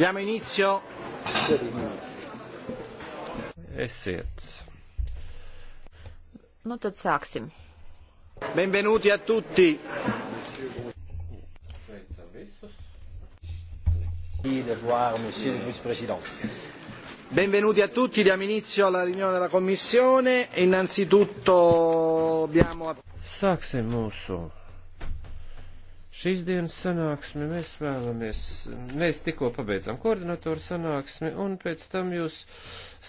Diamo inizio. Esiet. Nu tad sāksim. Benvenuti a tutti. Sveicam visus. D'avoir, monsieur le vice-président. Benvenuti a tutti, diamo inizio alla riunione della Commissione. Innanzitutto abbiamo... Sāksim mūsu Šīs dienas sanāksmi mēs vēlamies, mēs tikko pabeidzam koordinatoru sanāksmi, un pēc tam jūs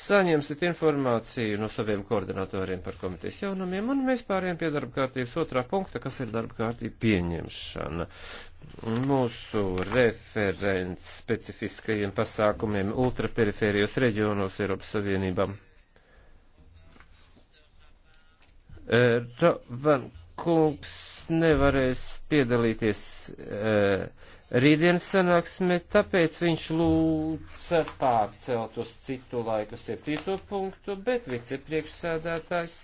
saņemsiet informāciju no saviem koordinatoriem par komitejas jaunumiem, un mēs pāriem pie darba kārtības otrā punkta, kas ir darba kārtība pieņemšana. Mūsu referents specifiskajiem pasākumiem ultraperifērijos reģionos Eiropas Savienībām. E, eh, Ravan kungs nevarēs piedalīties uh, rītdienas sanāksmē, tāpēc viņš lūdza pārcelt uz citu laiku septīto punktu, bet vicepriekšsēdētājs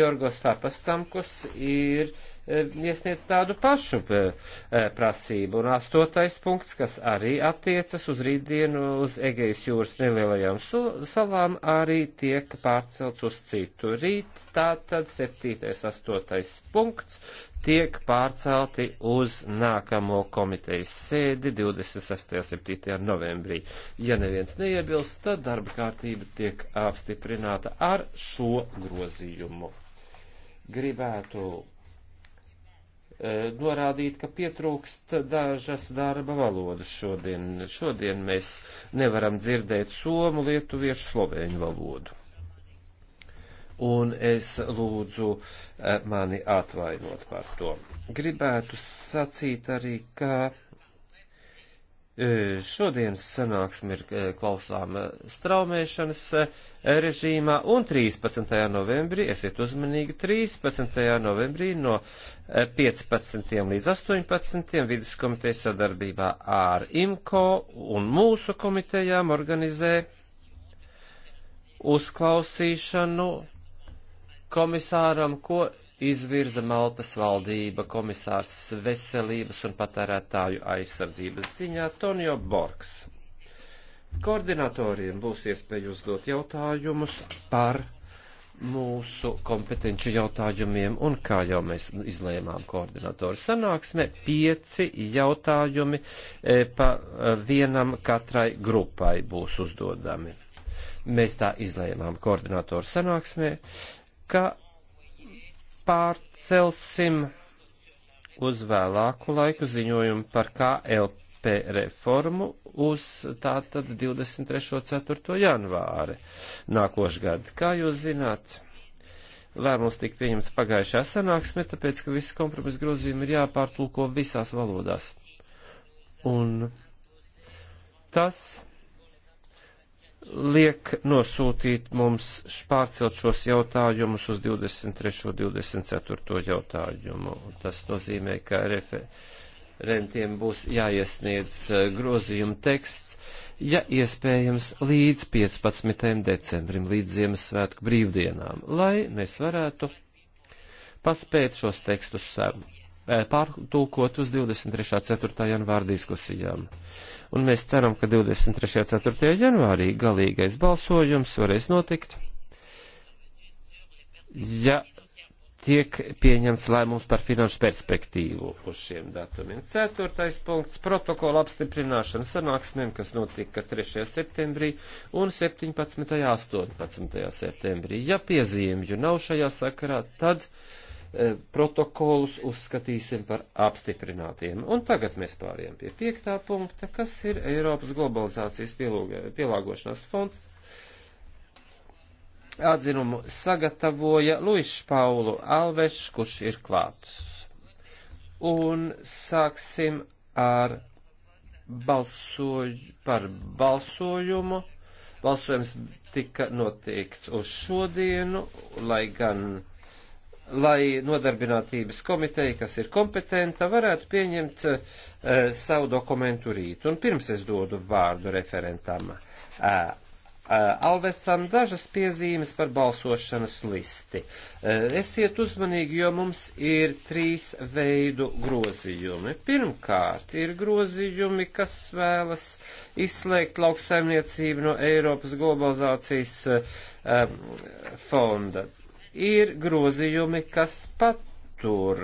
Jorgos Papastamkus ir E, iesniedz tādu pašu e, e, prasību. Un astotais punkts, kas arī attiecas uz rītdienu uz Egejas jūras nelielajām salām, arī tiek pārcelts uz citu rīt. Tātad septītais, astotais punkts tiek pārcelti uz nākamo komitejas sēdi 26. 7. novembrī. Ja neviens neiebilst, tad darba kārtība tiek apstiprināta ar šo grozījumu. Gribētu Eh, norādīt, ka pietrūkst dažas darba valodas šodien. Šodien mēs nevaram dzirdēt somu, lietuviešu, slovēņu valodu. Un es lūdzu eh, mani atvainot par to. Gribētu sacīt arī, ka E, šodienas sanāksme ir e, klausām e, straumēšanas režīmā un 13. novembrī, esiet uzmanīgi, 13. novembrī no 15. līdz 18. vidaskomiteja sadarbībā ar IMCO un mūsu komitejām organizē uzklausīšanu komisāram, ko izvirza Maltas valdība komisārs veselības un patērētāju aizsardzības ziņā Tonio Borgs. Koordinatoriem būs iespēja uzdot jautājumus par mūsu kompetenci jautājumiem, un kā jau mēs izlēmām koordinatoru sanāksmē, pieci jautājumi e, pa e, vienam katrai grupai būs uzdodami. Mēs tā izlēmām koordinatoru sanāksmē, ka pārcelsim uz vēlāku laiku ziņojumu par KLP reformu uz tātad 23.4. janvāri nākošgad. Kā jūs zināt? lēmums tika pieņemts pagājušā sanāksme, tāpēc, ka visi kompromisa grozījumi ir jāpārtulko visās valodās. Un tas liek nosūtīt mums pārcelt šos jautājumus uz 23. un 24. jautājumu. Tas nozīmē, ka referentiem būs jāiesniedz eh, grozījuma teksts, ja iespējams, līdz 15. decembrim, līdz Ziemassvētku brīvdienām, lai mēs varētu paspēt šos tekstus sarunāt E, pārtulkot uz 23.4. janvāra diskusijām. Un mēs ceram, ka 23.4. janvārī galīgais balsojums varēs notikt, ja tiek pieņemts lēmums par finanšu perspektīvu uz šiem datumiem. Ceturtais punkts - protokola apstiprināšana sanāksmēm, kas notika 3. septembrī un 17. 18. septembrī. Ja piezīmju nav šajā sakarā, tad. Uh, Eh, protokolus uzskatīsim par apstiprinātiem. Un tagad mēs pāriem pie piektā punkta, kas ir Eiropas globalizācijas pielūga, pielāgošanās fonds. Atzinumu sagatavoja Luis Paulu Alvešs, kurš ir klāts. Un sāksim ar balsoju, par balsojumu. Balsojums tika noteikts uz šodienu, lai gan lai nodarbinātības komiteja, kas ir kompetenta, varētu pieņemt e, savu dokumentu rīt. Un pirms es dodu vārdu referentam e, e, Alvesam dažas piezīmes par balsošanas listi. E, esiet uzmanīgi, jo mums ir trīs veidu grozījumi. Pirmkārt, ir grozījumi, kas vēlas izslēgt lauksaimniecību no Eiropas globalizācijas e, fonda ir grozījumi, kas patur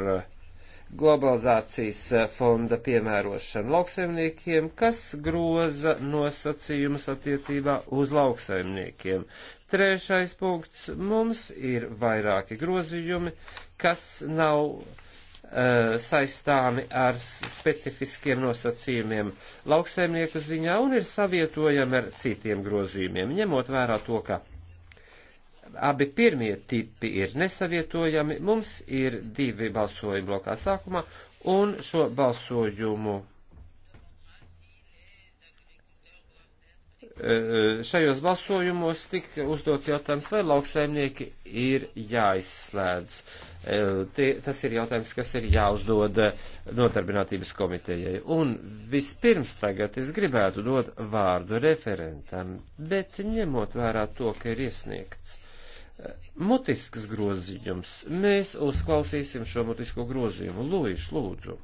globalizācijas fonda piemērošanu lauksaimniekiem, kas groza nosacījumus attiecībā uz lauksaimniekiem. Trešais punkts - mums ir vairāki grozījumi, kas nav uh, saistāmi ar specifiskiem nosacījumiem lauksaimnieku ziņā un ir savietojami ar citiem grozījumiem, ņemot vērā to, ka Abi pirmie tipi ir nesavietojami. Mums ir divi balsojumi blokā sākumā, un šo balsojumu e, e, šajos balsojumos tika uzdots jautājums, vai lauksaimnieki ir jāizslēdz. E, tie, tas ir jautājums, kas ir jāuzdod nodarbinātības komitejai. Un vispirms tagad es gribētu dot vārdu referentam, bet ņemot vērā to, ka ir iesniegts mutisks groziņums. Mēs uzklausīsim šo mutisko groziņu. Lūdzu, lūdzu.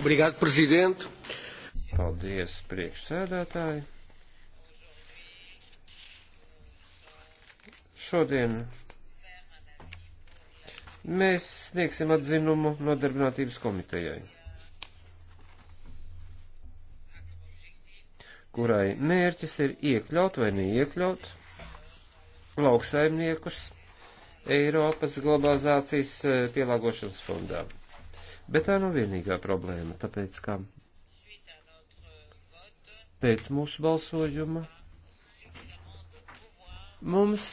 Obrigāt, prezident. Paldies, priekšsēdētāji. Šodien mēs sniegsim atzinumu nodarbinātības komitejai. kurai mērķis ir iekļaut vai neiekļaut lauksaimniekus Eiropas globalizācijas eh, pielāgošanas fondā. Bet tā nav vienīgā problēma, tāpēc kā pēc mūsu balsojuma mums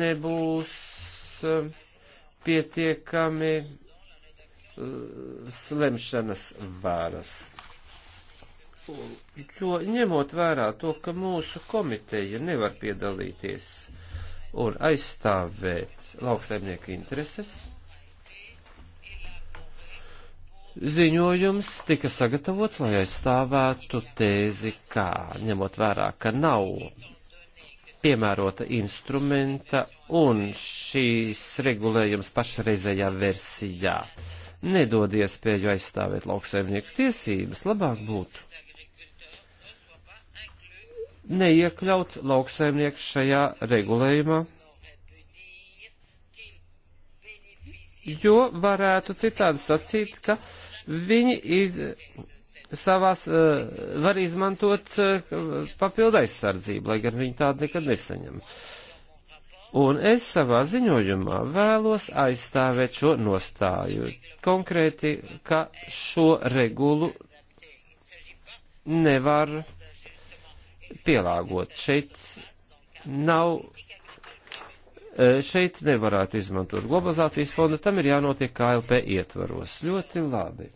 nebūs eh, pietiekami eh, slemšanas vāras jo ņemot vērā to, ka mūsu komiteja nevar piedalīties un aizstāvēt lauksaimnieku intereses, ziņojums tika sagatavots, lai aizstāvētu tēzi, kā ņemot vērā, ka nav piemērota instrumenta un šīs regulējums pašreizējā versijā nedod iespēju aizstāvēt lauksaimnieku tiesības, labāk būtu neiekļaut lauksaimnieku šajā regulējumā, jo varētu citādi sacīt, ka viņi iz, savās uh, var izmantot uh, papildu aizsardzību, lai gan viņi tādu nekad nesaņem. Un es savā ziņojumā vēlos aizstāvēt šo nostāju, konkrēti, ka šo regulu nevar pielāgot. Šeit nav, e, šeit nevarētu izmantot globalizācijas fondu, tam ir jānotiek KLP ietvaros. Ļoti labi.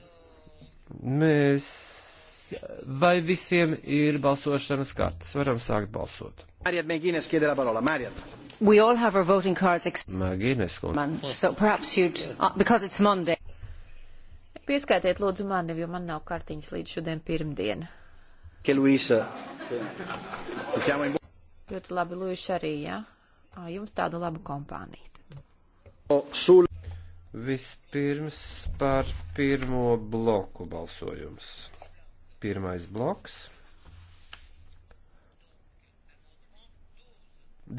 Mēs, vai visiem ir balsošanas kartas? Varam sākt balsot. Mariet Megīnes, kiedē la parola. Mariet. We all have our voting cards. Magīnes, kundze. So perhaps you'd, uh, because it's Monday. Pieskaitiet lūdzu mani, jo man nav kartiņas līdz šodien pirmdiena che Luis... In... Ļoti labi, Luis, arī, jā. Ja? Jums tāda laba kompānija. Oh, sul... Vispirms par pirmo bloku balsojums. Pirmais bloks.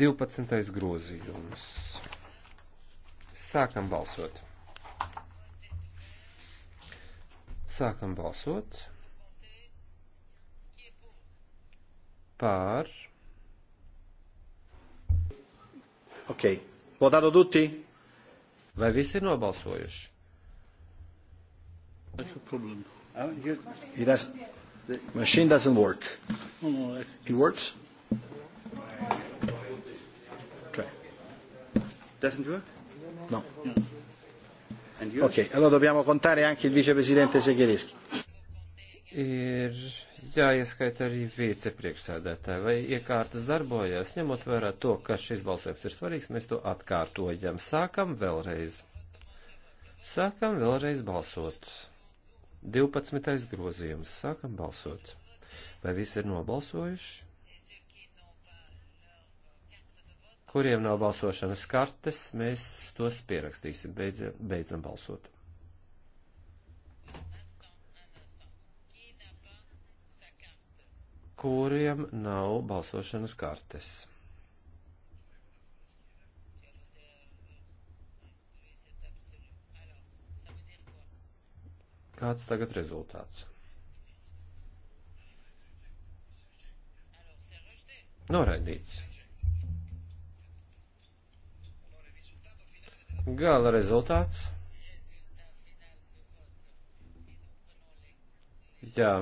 12. grozījums. Sākam balsot. Sākam balsot. par. Ok. Votato tutti? Vai visi ir nobalsojuši? Problem. Oh, you, it has, the machine doesn't work. No, no, it's, it works? Okay. Doesn't work? No. no. Ok, allora dobbiamo contare anche il vicepresidente Seghereschi. Ir jāieskaita arī vicepriekšsēdētāji, vai iekārtas darbojas, ņemot vērā to, ka šis balsojums ir svarīgs, mēs to atkārtojam. Sākam vēlreiz. Sākam vēlreiz balsot. 12. grozījums. Sākam balsot. Vai visi ir nobalsojuši? Kuriem nav balsošanas kartes, mēs tos pierakstīsim. Beidz, beidzam balsot. kuriem nav balsošanas kartes. Kāds tagad rezultāts? Noraidīts. Gala rezultāts. Jā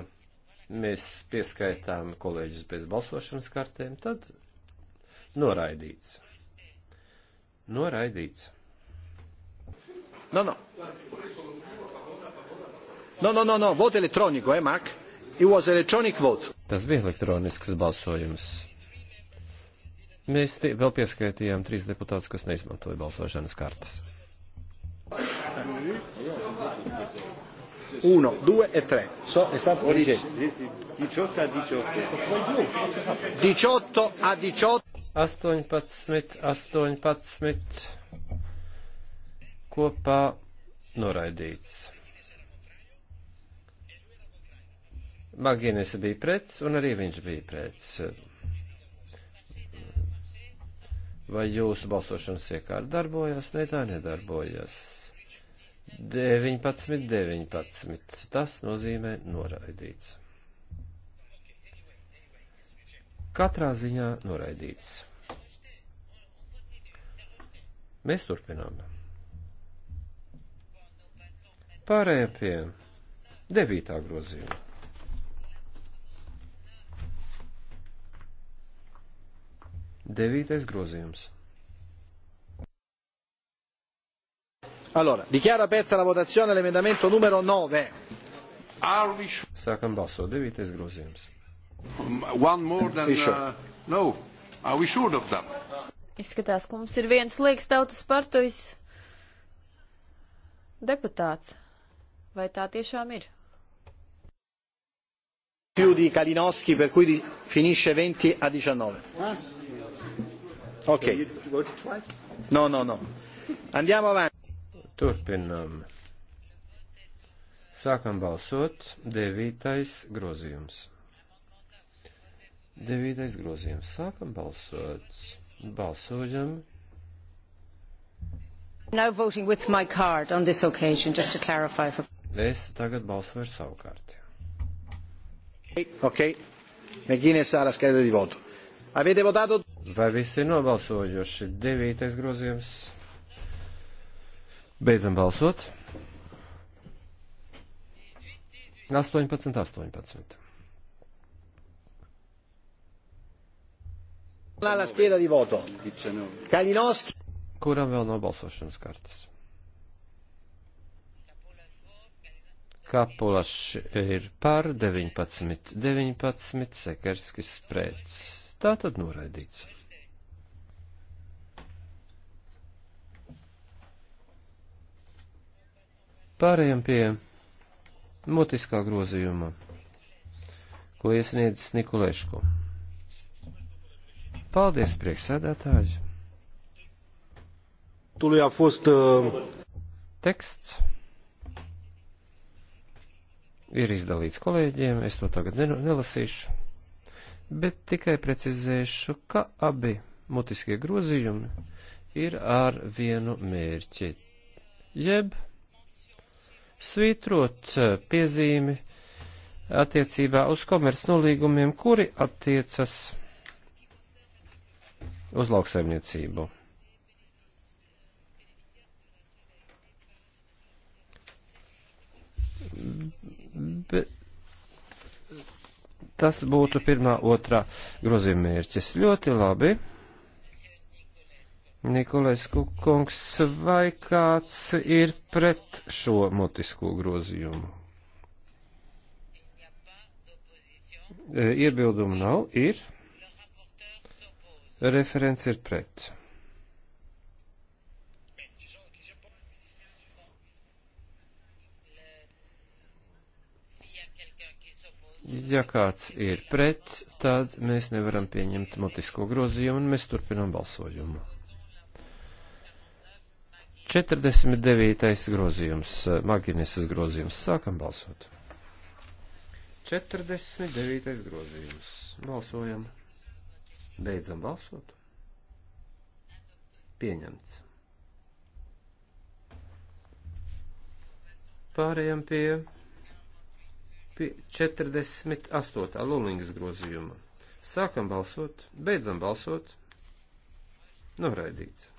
mēs pieskaitām kolēģis bez balsošanas kartēm, tad noraidīts. Noraidīts. No, no. No, no, no, no. Vote elektroniku, eh, Mark? It was electronic vote. Tas bija elektronisks balsojums. Mēs tie, vēl pieskaitījām trīs deputātus, kas neizmantoja balsošanas kartas. Uh, yeah, yeah. 1, 2 e 3. So, è stato rigetto. 18 a 18. 18 a 18. 18, 18 kopā noraidīts. Magīnes bija pret, un arī viņš bija pret. Vai jūsu balsošanas iekārta darbojas? Nē, ne, tā nedarbojas. 19, 19. Tas nozīmē noraidīts. Katrā ziņā noraidīts. Mēs turpinām. Pārējiem pie 9. grozījuma. Devītais grozījums. Allora, dichiaro aperta la votazione all'emendamento numero 9. Sākam balsot. Devītais grozījums. Um, one more than... Uh, no. Are we sure of that? Izskatās, ka mums ir viens liekas tautas partijas deputāts. Vai tā tiešām ir? Più di Kalinowski, per cui finisce 20 a 19. Ok. No, no, no. Andiamo avanti. Turpinam. Sākam balsot. Devītais grozījums. Devītais grozījums. Sākam balsot. Balsojam. Now voting with my card on this occasion, just to clarify for. Es tagad balsoju ar savu karti. Ok. Mēģinies ārā skaidri votu. Avete votato? Vai visi ir nobalsojuši? Devītais grozījums. Beidzam balsot. 18, 18. La scheda di voto. Kalinowski. Kuram vēl nav balsošanas kartes. Kapulašs ir par 19, 19, Sekerskis pret. Tā tad noraidīts. Pārējām pie mutiskā grozījuma, ko iesniedz Nikolēšku. Paldies, priekšsēdētāji! Tului a fost uh... teksts. Ir izdalīts kolēģiem, es to tagad nelasīšu, bet tikai precizēšu, ka abi mutiskie grozījumi ir ar vienu mērķi, jeb svītrot eh, piezīmi attiecībā uz komercnolīgumiem, kuri attiecas uz lauksaimniecību. Be, tas būtu pirmā, otrā grozījuma mērķis. Ļoti labi. Nikolais Kukungs, vai kāds ir pret šo mutisko grozījumu? E, iebildumu nav, ir. Referents ir pret. Ja kāds ir pret, tad mēs nevaram pieņemt mutisko grozījumu un mēs turpinām balsojumu. 49. grozījums, eh, Maginesas grozījums. Sākam balsot. 49. grozījums. Balsojam. Beidzam balsot. Pieņemts. Pārējām pie, pie 48. lulingas grozījuma. Sākam balsot, beidzam balsot. Noraidīts.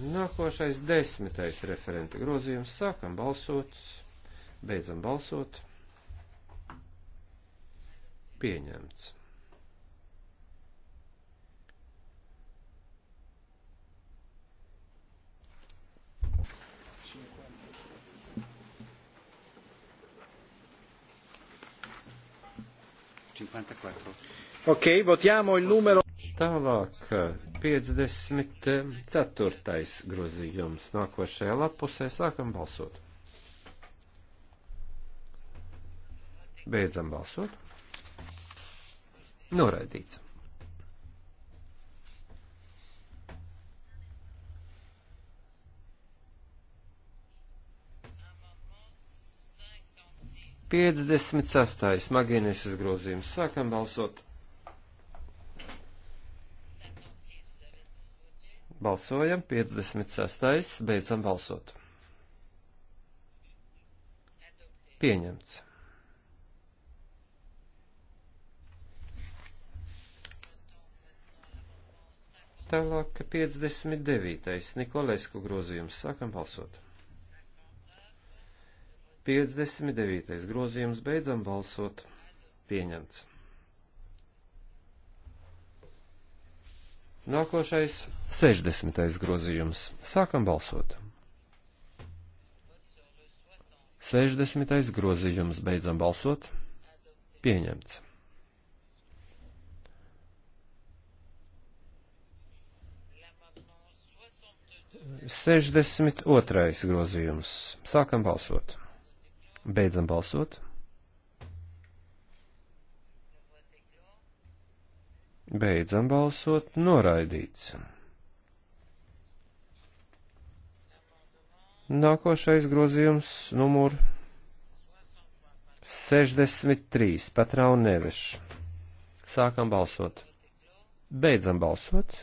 Nākošais desmitais referenta grozījums. Sākam balsot, beidzam balsot. Pieņemts. Ok, votiamo il numero Tālāk 54. grozījums nākošajā lapusē sākam balsot. Beidzam balsot. Noraidīts. Piecdesmit sastais magineses grozījums. Sākam balsot. Balsojam 56. Beidzam balsot. Pieņemts. Tālāk 59. Nikolēsku grozījums. Sākam balsot. 59. grozījums. Beidzam balsot. Pieņemts. Nākošais 60. grozījums. Sākam balsot. 60. grozījums. Beidzam balsot. Pieņemts. Sešdesmit otrais grozījums. Sākam balsot. Beidzam balsot. Beidzam balsot noraidīts. Nākošais grozījums numur 63, patrau neveš. Sākam balsot. Beidzam balsot.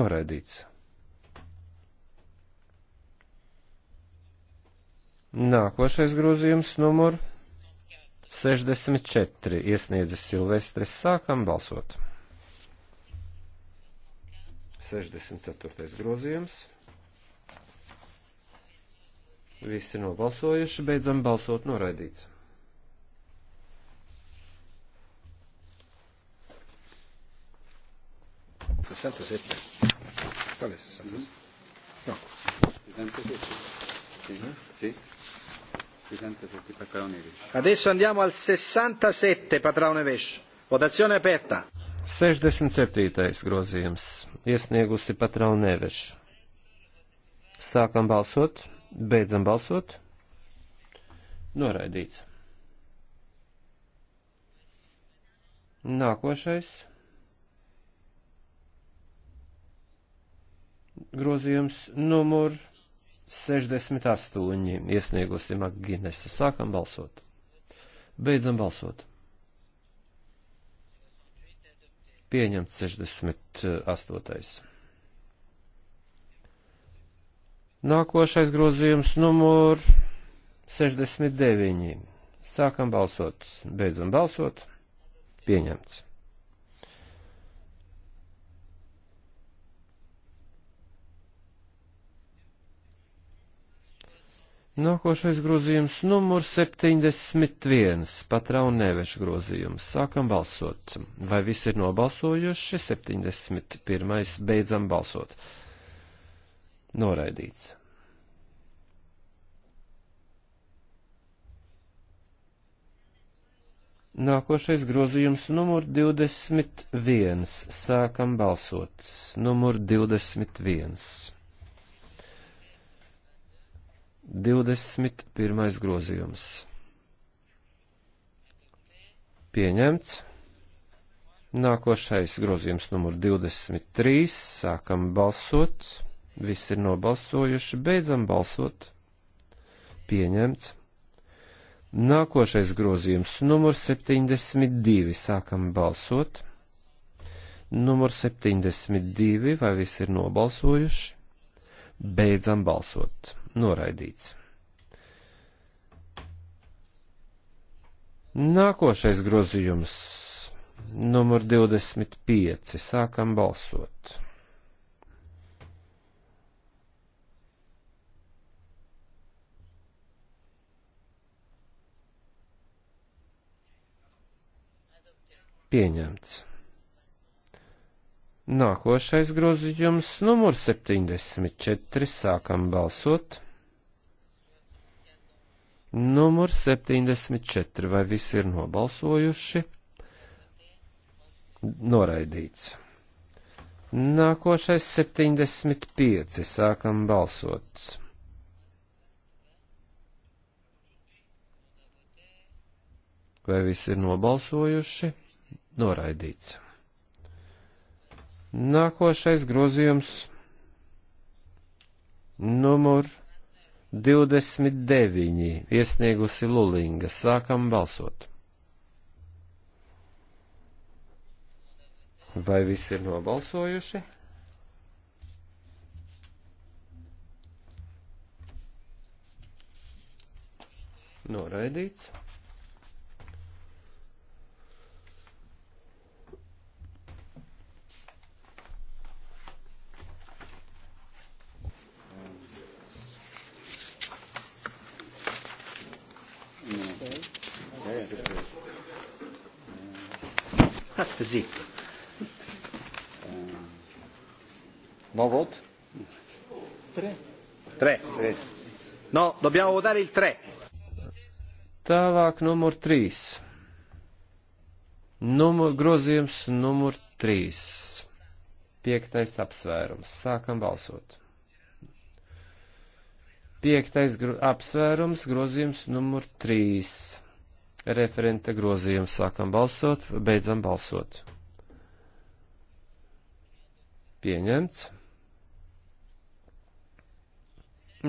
Noraidīts. Nākošais grozījums numur 64. 64 iesniedzis Silvestris. Sākam balsot. 64. grozījums. Visi nobalsojuši, beidzam balsot noraidīts. ¿Cuál es esa? No. Identico. Sí. sí. Adesso andiamo al 67 Patraone Vesh. Votazione aperta. 67. grozījums. Iesniegusi Patraone Neveša. Sākam balsot, beidzam balsot. Noraidīts. Nākošais grozījums numur 68 iesniegusi Maginesa. Sākam balsot. Beidzam balsot. Pieņemts 68. Nākošais grozījums numur 69. Sākam balsot. Beidzam balsot. Pieņemts. Nākošais grozījums numur 71, patrauna neveša grozījums. Sākam balsot. Vai visi ir nobalsojuši? 71. Beidzam balsot. Noraidīts. Nākošais grozījums numur 21. Sākam balsot. Numur 21. 21. grozījums. Pieņemts. Nākošais grozījums numur 23. Sākam balsot. Visi ir nobalsojuši. Beidzam balsot. Pieņemts. Nākošais grozījums numur 72. Sākam balsot. Numur 72. Vai visi ir nobalsojuši? Beidzam balsot noraidīts. Nākošais grozījums, numur 25, sākam balsot. Pieņemts. Nākošais grozījums numur 74. Sākam balsot. Numur 74. Vai visi ir nobalsojuši? Noraidīts. Nākošais 75. Sākam balsot. Vai visi ir nobalsojuši? Noraidīts. Nākošais grozījums numur 29 iesniegusi Lulinga. Sākam balsot. Vai visi ir nobalsojuši? Noraidīts. Hatti zitto. Ehm. Buon voto? Tre. Tre. tre. No, dobbiamo votare il tre. Tālāk numur trīs. Numur, grozījums numur trīs. Piektais apsvērums. Sākam balsot. Piektais gro, apsvērums, grozījums numur 3. Referenta grozījums sākam balsot, beidzam balsot. Pieņemts.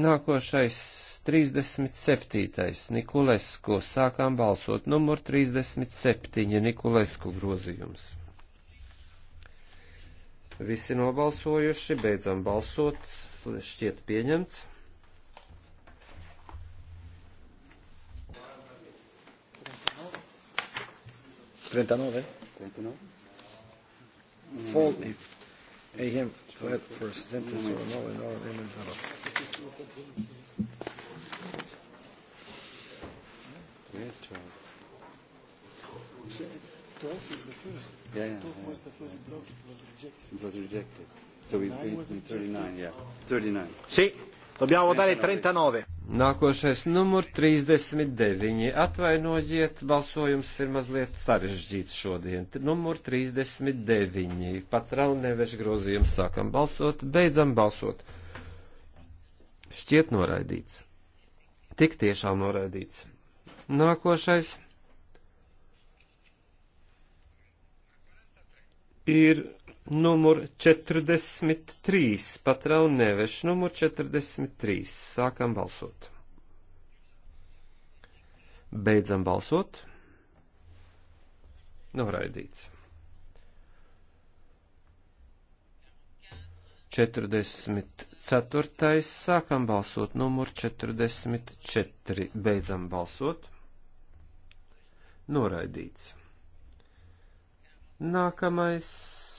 Nākošais 37. Nikolesku sākām balsot numur 37 Nikolesku grozījums. Visi nobalsojuši, beidzam balsot, šķiet pieņemts. 39? 39. Fall if AM threat for sentence or no and oral amendment Where's 12? 12 is the first. Yeah, yeah, 12 yeah. was the first block. It was rejected. It was rejected. So we, we, we 39, yeah. 39. Sì, dobbiamo votare 39. Nākošais numur 39. Atvainojiet, balsojums ir mazliet sarežģīts šodien. Numur 39. Pat rauneveš grozījums sākam balsot, beidzam balsot. Šķiet noraidīts. Tik tiešām noraidīts. Nākošais ir numur 43, patrau neveš, numur 43, sākam balsot. Beidzam balsot. Noraidīts. 44. Sākam balsot numur 44. Beidzam balsot. Noraidīts. Nākamais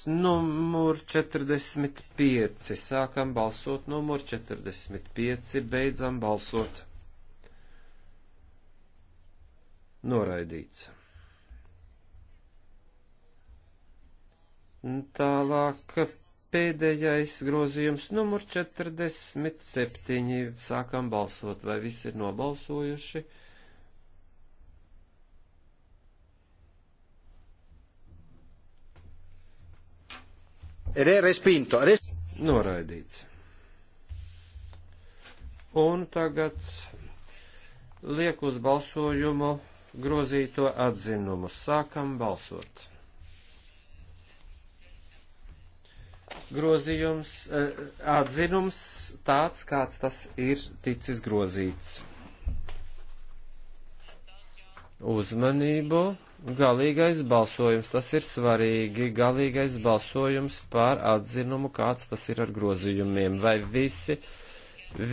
numur 45. Sākam balsot numur 45, beidzam balsot. Noraidīts. Tālāk pēdējais grozījums numur 47. Sākam balsot, vai visi ir nobalsojuši? Re respinto. Res... Noraidīts. Un tagad liek uz balsojumu grozīto atzinumu. Sākam balsot. Grozījums, eh, atzinums tāds, kāds tas ir ticis grozīts. Uzmanību galīgais balsojums, tas ir svarīgi, galīgais balsojums par atzinumu, kāds tas ir ar grozījumiem. Vai visi,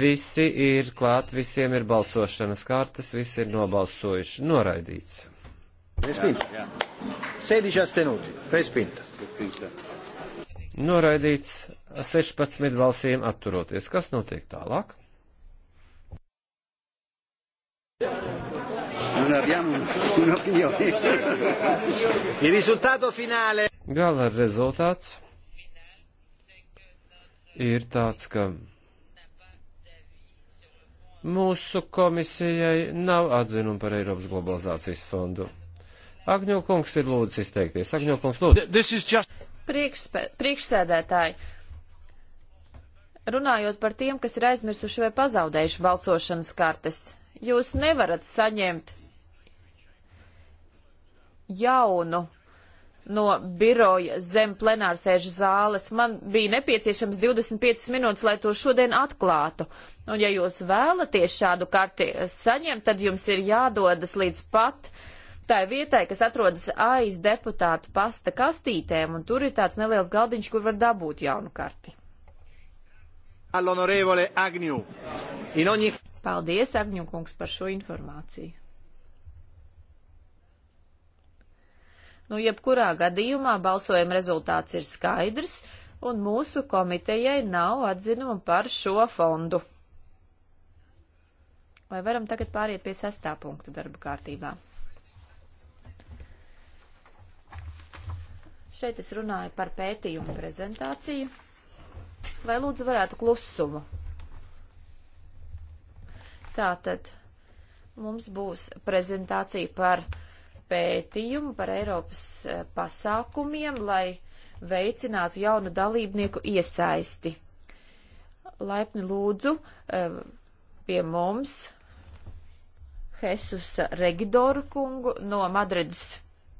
visi ir klāt, visiem ir balsošanas kārtas, visi ir nobalsojuši, noraidīts. Noraidīts 16 balsīm atturoties. Kas notiek tālāk? non abbiamo un'opinione. Il risultato finale. Gala rezultāts ir tāds, ka mūsu komisijai nav atzinuma par Eiropas globalizācijas fondu. Agņokungs ir lūdzu izteikties. Agņokungs, lūdzu. Just... Priekš, priekšsēdētāji, runājot par tiem, kas ir aizmirsuši vai pazaudējuši balsošanas kartes, jūs nevarat saņemt jaunu no biroja zem plenārsēžu zāles. Man bija nepieciešams 25 minūtes, lai to šodien atklātu. Un ja jūs vēlaties šādu karti saņemt, tad jums ir jādodas līdz pat tai vietai, kas atrodas aiz deputātu pasta kastītēm, un tur ir tāds neliels galdiņš, kur var dabūt jaunu karti. Paldies, Agņu kungs, par šo informāciju. Nu, jebkurā gadījumā balsojuma rezultāts ir skaidrs, un mūsu komitejai nav atzinuma par šo fondu. Vai varam tagad pāriet pie sestā punkta darba kārtībā? Šeit es runāju par pētījumu prezentāciju. Vai lūdzu varētu klusumu? Tātad mums būs prezentācija par uh, pētījumu par Eiropas eh, pasākumiem, lai veicinātu jaunu dalībnieku iesaisti. Laipni lūdzu eh, pie mums Hesusa Regidoru kungu no Madrides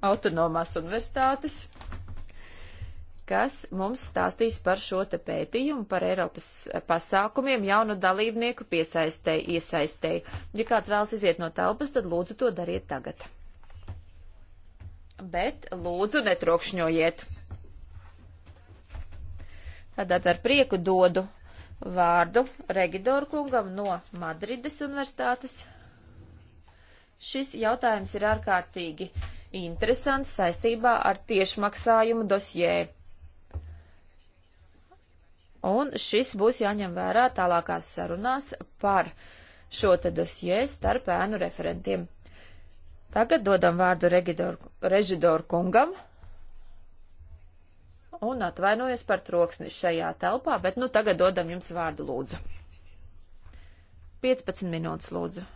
autonomās universitātes, kas mums stāstīs par šo te pētījumu, par Eiropas eh, pasākumiem jaunu dalībnieku piesaistēji, iesaistēji. Ja kāds vēlas iziet no telpas, tad lūdzu to dariet tagad bet lūdzu netrokšņojiet. Tātad ar prieku dodu vārdu Regidoru kungam no Madrides universitātes. Šis jautājums ir ārkārtīgi interesants saistībā ar tiešmaksājumu dosjē. Un šis būs jāņem vērā tālākās sarunās par šo te dosjē starp ēnu referentiem. Tagad dodam vārdu režidoru kungam. Un atvainojos par troksni šajā telpā, bet nu tagad dodam jums vārdu lūdzu. 15 minūtes lūdzu.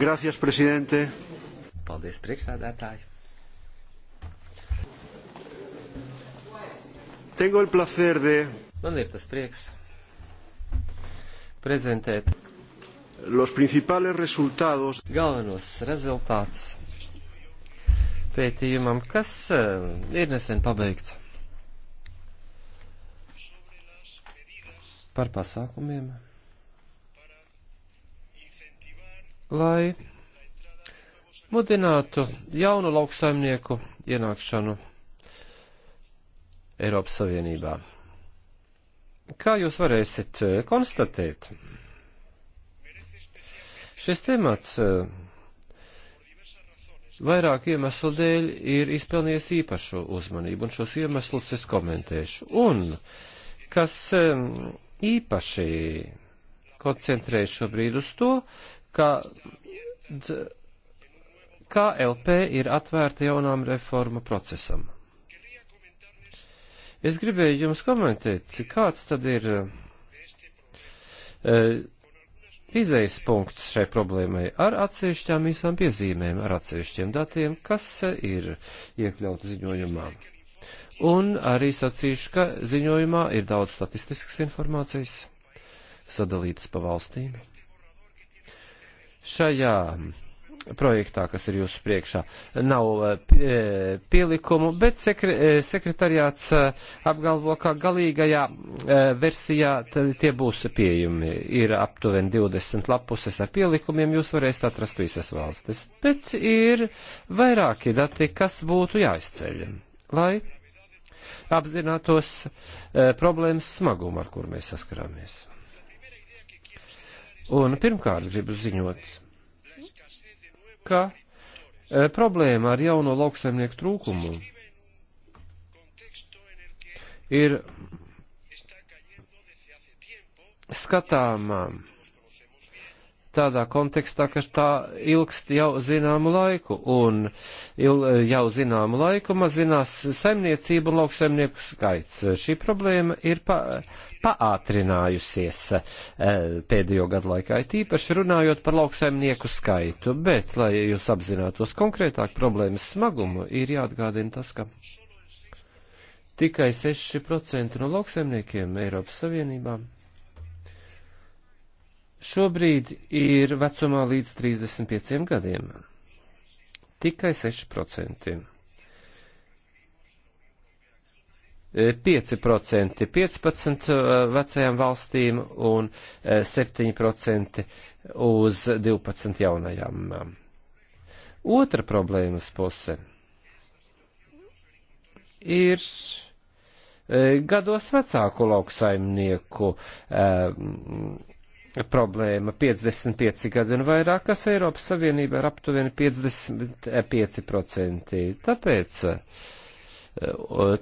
Gracias, presidente. Paldies, priekšsādātāji. Tengo el placer de. Man ir tas prieks prezentēt los principales resultados. Galvenos rezultātus pētījumam, kas eh, ir nesen pabeigts. Par pasākumiem. Lai mudinātu jaunu lauksaimnieku ienākšanu Eiropas Savienībā. Kā jūs varēsiet eh, konstatēt, šis temats eh, vairāk iemeslu dēļ ir izpelnījis īpašu uzmanību, un šos iemeslus es komentēšu. Un kas eh, īpaši koncentrējas šobrīd uz to, ka KLP ir atvērta jaunām reforma procesam. Es gribēju jums komentēt, kāds tad ir uh, eh, izejas punkts šai problēmai ar atsevišķām īsām piezīmēm, ar atsevišķiem datiem, kas ir iekļauti ziņojumā. Un arī sacīšu, ka ziņojumā ir daudz statistiskas informācijas sadalītas pa valstīm. Šajā projektā, kas ir jūsu priekšā, nav eh, eh, pielikumu, bet sekre, eh, sekretariāts apgalvo, ka galīgajā versijā tie būs pieejami. Ir aptuveni 20 lapuses ar pielikumiem, jūs varēsiet atrast visas valstis. Bet ir vairāki dati, kas būtu jāizceļ, lai apzinātos problēmas smagumu, ar kur mēs saskarāmies. Un pirmkārt gribu ziņot ka e, problēma ar jauno lauksaimnieku trūkumu ir skatāmām tādā kontekstā, ka tā ilgst jau zināmu laiku, un il, jau zināmu laiku mazinās saimniecība un lauksaimnieku skaits. Šī problēma ir pa, paātrinājusies eh, pēdējo gadu laikā, it īpaši runājot par lauksaimnieku skaitu, bet, lai jūs apzinātos konkrētāk problēmas smagumu, ir jāatgādina tas, ka tikai 6% no lauksaimniekiem Eiropas Savienībām šobrīd ir vecumā līdz 35 gadiem. Tikai 6%. 5% 15 vecajām valstīm un 7% e, uz 12 jaunajām. Otra problēmas puse ir e, gados vecāku lauksaimnieku e, problēma 55 gadi un vairāk, kas Eiropas Savienībā ir aptuveni 55%. Tāpēc eh,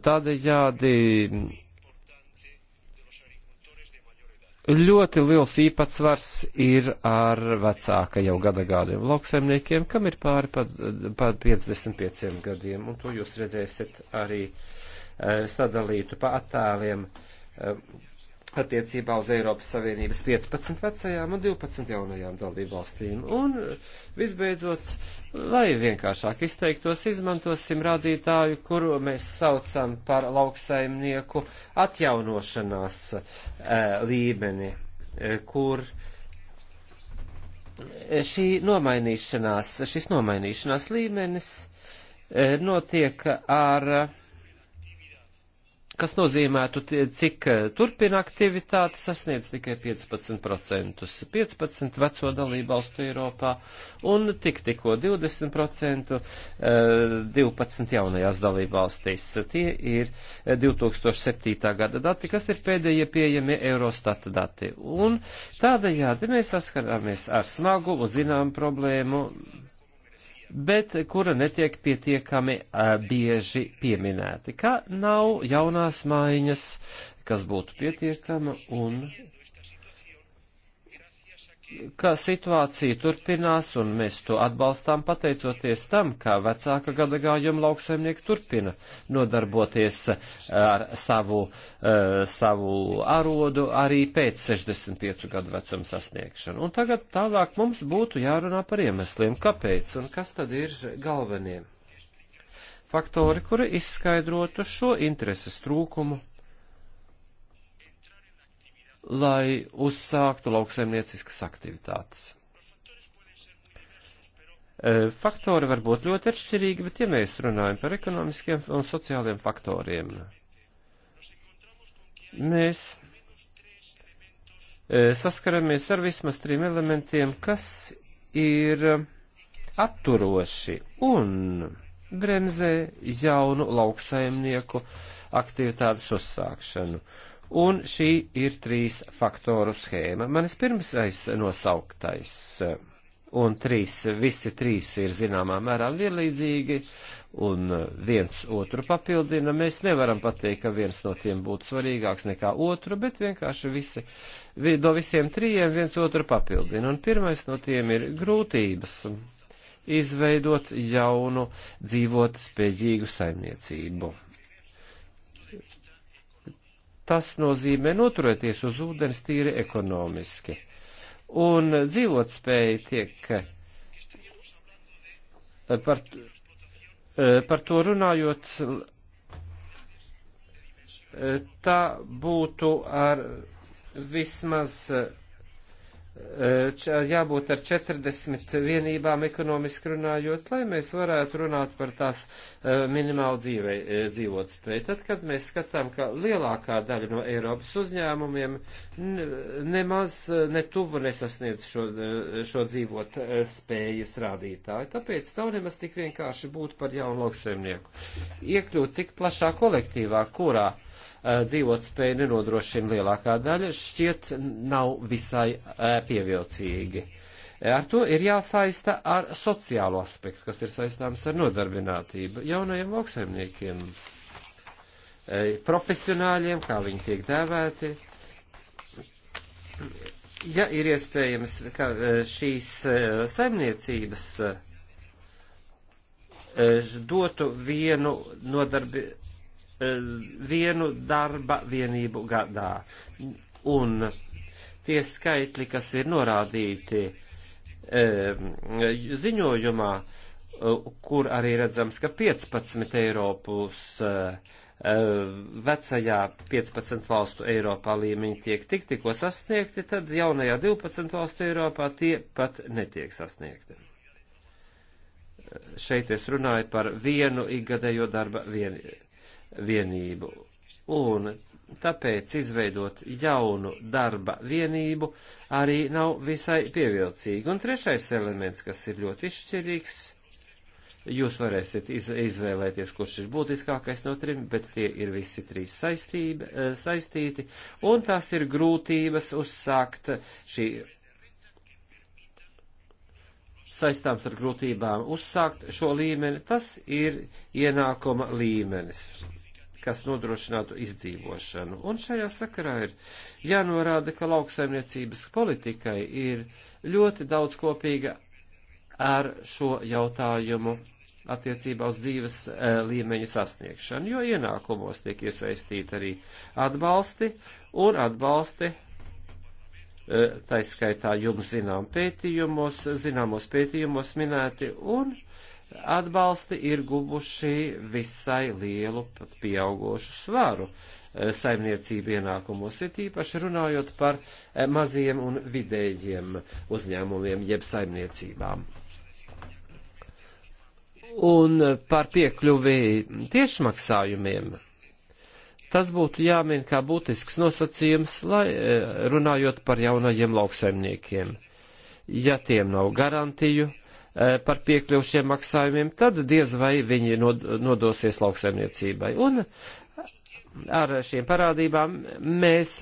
tādējādi ļoti liels īpatsvars ir ar vecākajiem gadagādiem lauksaimniekiem, kam ir pāri pat, pat 55 gadiem, un to jūs redzēsiet arī eh, sadalītu pa attēliem eh, attiecībā uz Eiropas Savienības 15 vecajām un 12 jaunajām dalībvalstīm. Un visbeidzot, lai vienkāršāk izteiktos, izmantosim rādītāju, kuru mēs saucam par lauksaimnieku atjaunošanās e, līmeni, e, kur eh, šī nomainīšanās, šis nomainīšanās līmenis e, notiek ar e, kas nozīmētu, cik eh, turpina aktivitāte sasniedz tikai 15%, 15% veco dalību valstu Eiropā un tik tikko 20% 12 eh, jaunajās dalību valstīs. Tie ir 2007. Eh, gada dati, kas ir pēdējie pieejami Eurostata dati. Un tādējādi mēs saskarāmies ar smagu un zinām problēmu bet kura netiek pietiekami bieži pieminēti, ka nav jaunās maiņas, kas būtu pietiekama un ka situācija turpinās, un mēs to atbalstām pateicoties tam, ka vecāka gada gājuma lauksaimnieki turpina nodarboties ar savu, eh, savu arodu arī pēc 65 gadu vecuma sasniegšanu. Un tagad tālāk mums būtu jārunā par iemesliem, kāpēc un kas tad ir galvenie faktori, kuri izskaidrotu šo intereses trūkumu lai uzsāktu lauksaimnieciskas aktivitātes. E, faktori var būt ļoti atšķirīgi, bet ja mēs runājam par ekonomiskiem un sociāliem faktoriem, mēs e, saskaramies ar vismaz trim elementiem, kas ir atturoši un bremzē jaunu lauksaimnieku aktivitātes uzsākšanu. Un šī ir trīs faktoru schēma. Manis pirmais nosauktais un trīs, visi trīs ir zināmā mērā vienlīdzīgi un viens otru papildina. Mēs nevaram pateikt, ka viens no tiem būtu svarīgāks nekā otru, bet vienkārši visi, vi, no visiem trījiem viens otru papildina. Un pirmais no tiem ir grūtības izveidot jaunu dzīvot spējīgu saimniecību. Tas nozīmē noturēties uz ūdens tīri ekonomiski. Un dzīvot spēja tiek eh, par, eh, par to runājot, eh, tā būtu ar vismaz jābūt ar 40 vienībām ekonomiski runājot, lai mēs varētu runāt par tās e, minimālu dzīvē, e, dzīvot spēju. Tad, kad mēs skatām, ka lielākā daļa no Eiropas uzņēmumiem nemaz e, netuvu nesasniedz šo, šo dzīvot spējas rādītāju, tāpēc nav nemaz tik vienkārši būt par jaunu lauksaimnieku. Iekļūt tik plašā kolektīvā, kurā Eh, dzīvotspēju nenodrošina lielākā daļa, šķiet nav visai eh, pievilcīgi. Eh, ar to ir jāsaista ar sociālo aspektu, kas ir saistāms ar nodarbinātību jaunajiem lauksaimniekiem, profesionāļiem, kā viņi tiek dēvēti. Ja ir iespējams, ka šīs saimniecības dotu vienu nodarbinātību Eh, vienu darba vienību gadā. Un tie skaitļi, kas ir norādīti eh, ziņojumā, eh, kur arī redzams, ka 15 Eiropas vecajā 15 valstu Eiropā līmeņi tiek tik tikko sasniegti, tad jaunajā 12 valstu Eiropā tie pat netiek sasniegti. Šeit es runāju par vienu ikgadējo darba vienību vienību. Un tāpēc izveidot jaunu darba vienību arī nav visai pievilcīgi. Un trešais elements, kas ir ļoti izšķirīgs, jūs varēsiet iz, izvēlēties, kurš ir būtiskākais no trim, bet tie ir visi trīs saistība, eh, saistīti, un tās ir grūtības uzsākt šī saistāms ar grūtībām uzsākt šo līmeni, tas ir ienākuma līmenis, kas nodrošinātu izdzīvošanu. Un šajā sakarā ir jānorāda, ka lauksaimniecības politikai ir ļoti daudz kopīga ar šo jautājumu attiecībā uz dzīves e, līmeņa sasniegšanu, jo ienākumos tiek iesaistīti arī atbalsti, un atbalsti Eh, taiskaitā jums zinām pētījumos, zināmos pētījumos minēti, un atbalsti ir guvuši visai lielu pat pieaugošu svaru eh, saimniecību ienākumos, ir īpaši runājot par eh, maziem un vidējiem uzņēmumiem jeb saimniecībām. Un par piekļuvi tiešmaksājumiem Tas būtu jāmin kā būtisks nosacījums, lai e, runājot par jaunajiem lauksaimniekiem. Ja tiem nav garantiju e, par piekļuvušiem maksājumiem, tad diez vai viņi nodosies lauksaimniecībai. Un ar šīm parādībām mēs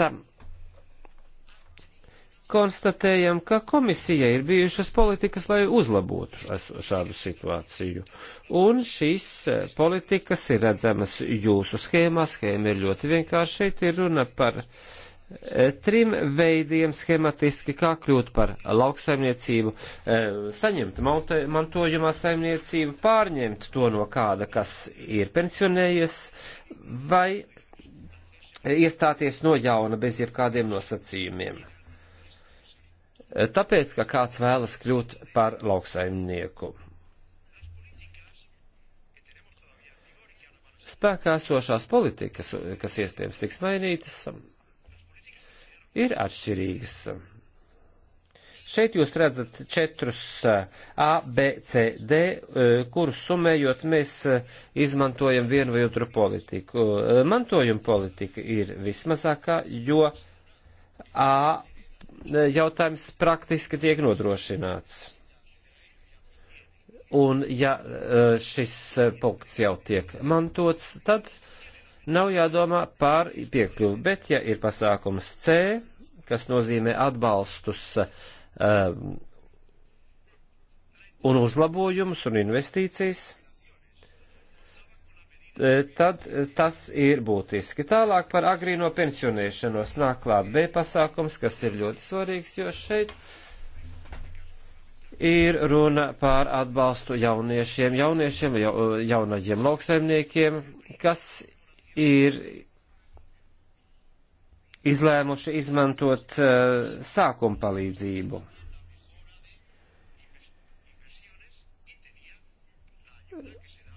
konstatējam, ka komisija ir bijušas politikas, lai uzlabotu šādu situāciju. Un šīs eh, politikas ir redzamas jūsu schēmā. Schēma ir ļoti vienkārši. Šeit ir runa par eh, trim veidiem schematiski, kā kļūt par lauksaimniecību, eh, saņemt mantojumā saimniecību, pārņemt to no kāda, kas ir pensionējies, vai iestāties no jauna bez jebkādiem nosacījumiem tāpēc, ka kāds vēlas kļūt par lauksaimnieku. Spēkā esošās politikas, kas iespējams tiks mainītas, ir atšķirīgas. Šeit jūs redzat četrus eh, A, B, C, D, eh, kurus sumējot mēs eh, izmantojam vienu vai otru politiku. Mantojuma politika ir vismazākā, jo A jautājums praktiski tiek nodrošināts. Un ja e, šis e, punkts jau tiek mantots, tad nav jādomā par piekļuvi, bet ja ir pasākums C, kas nozīmē atbalstus um, un uzlabojumus un investīcijas, E, tad e, tas ir būtiski. Tālāk par agrīno pensionēšanos nāk klāt B pasākums, kas ir ļoti svarīgs, jo šeit ir runa par atbalstu jauniešiem, jauniešiem, jaunajiem lauksaimniekiem, kas ir izlēmuši izmantot uh, sākuma palīdzību.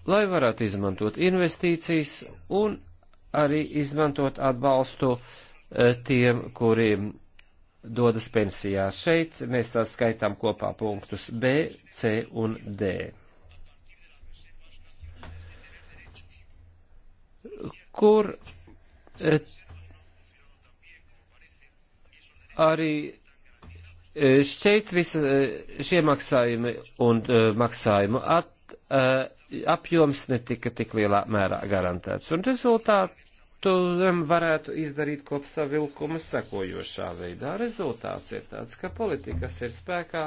lai varētu izmantot investīcijas un arī izmantot atbalstu e, tiem, kuriem dodas pensijā. Šeit mēs saskaitām kopā punktus B, C un D. Kur e, arī e, šķiet visa šie maksājumi un maksājumu at, apjoms netika tik lielā mērā garantēts, un rezultātu varētu izdarīt kopsavilkuma sekojošā veidā. Rezultāts ir tāds, ka politikas ir spēkā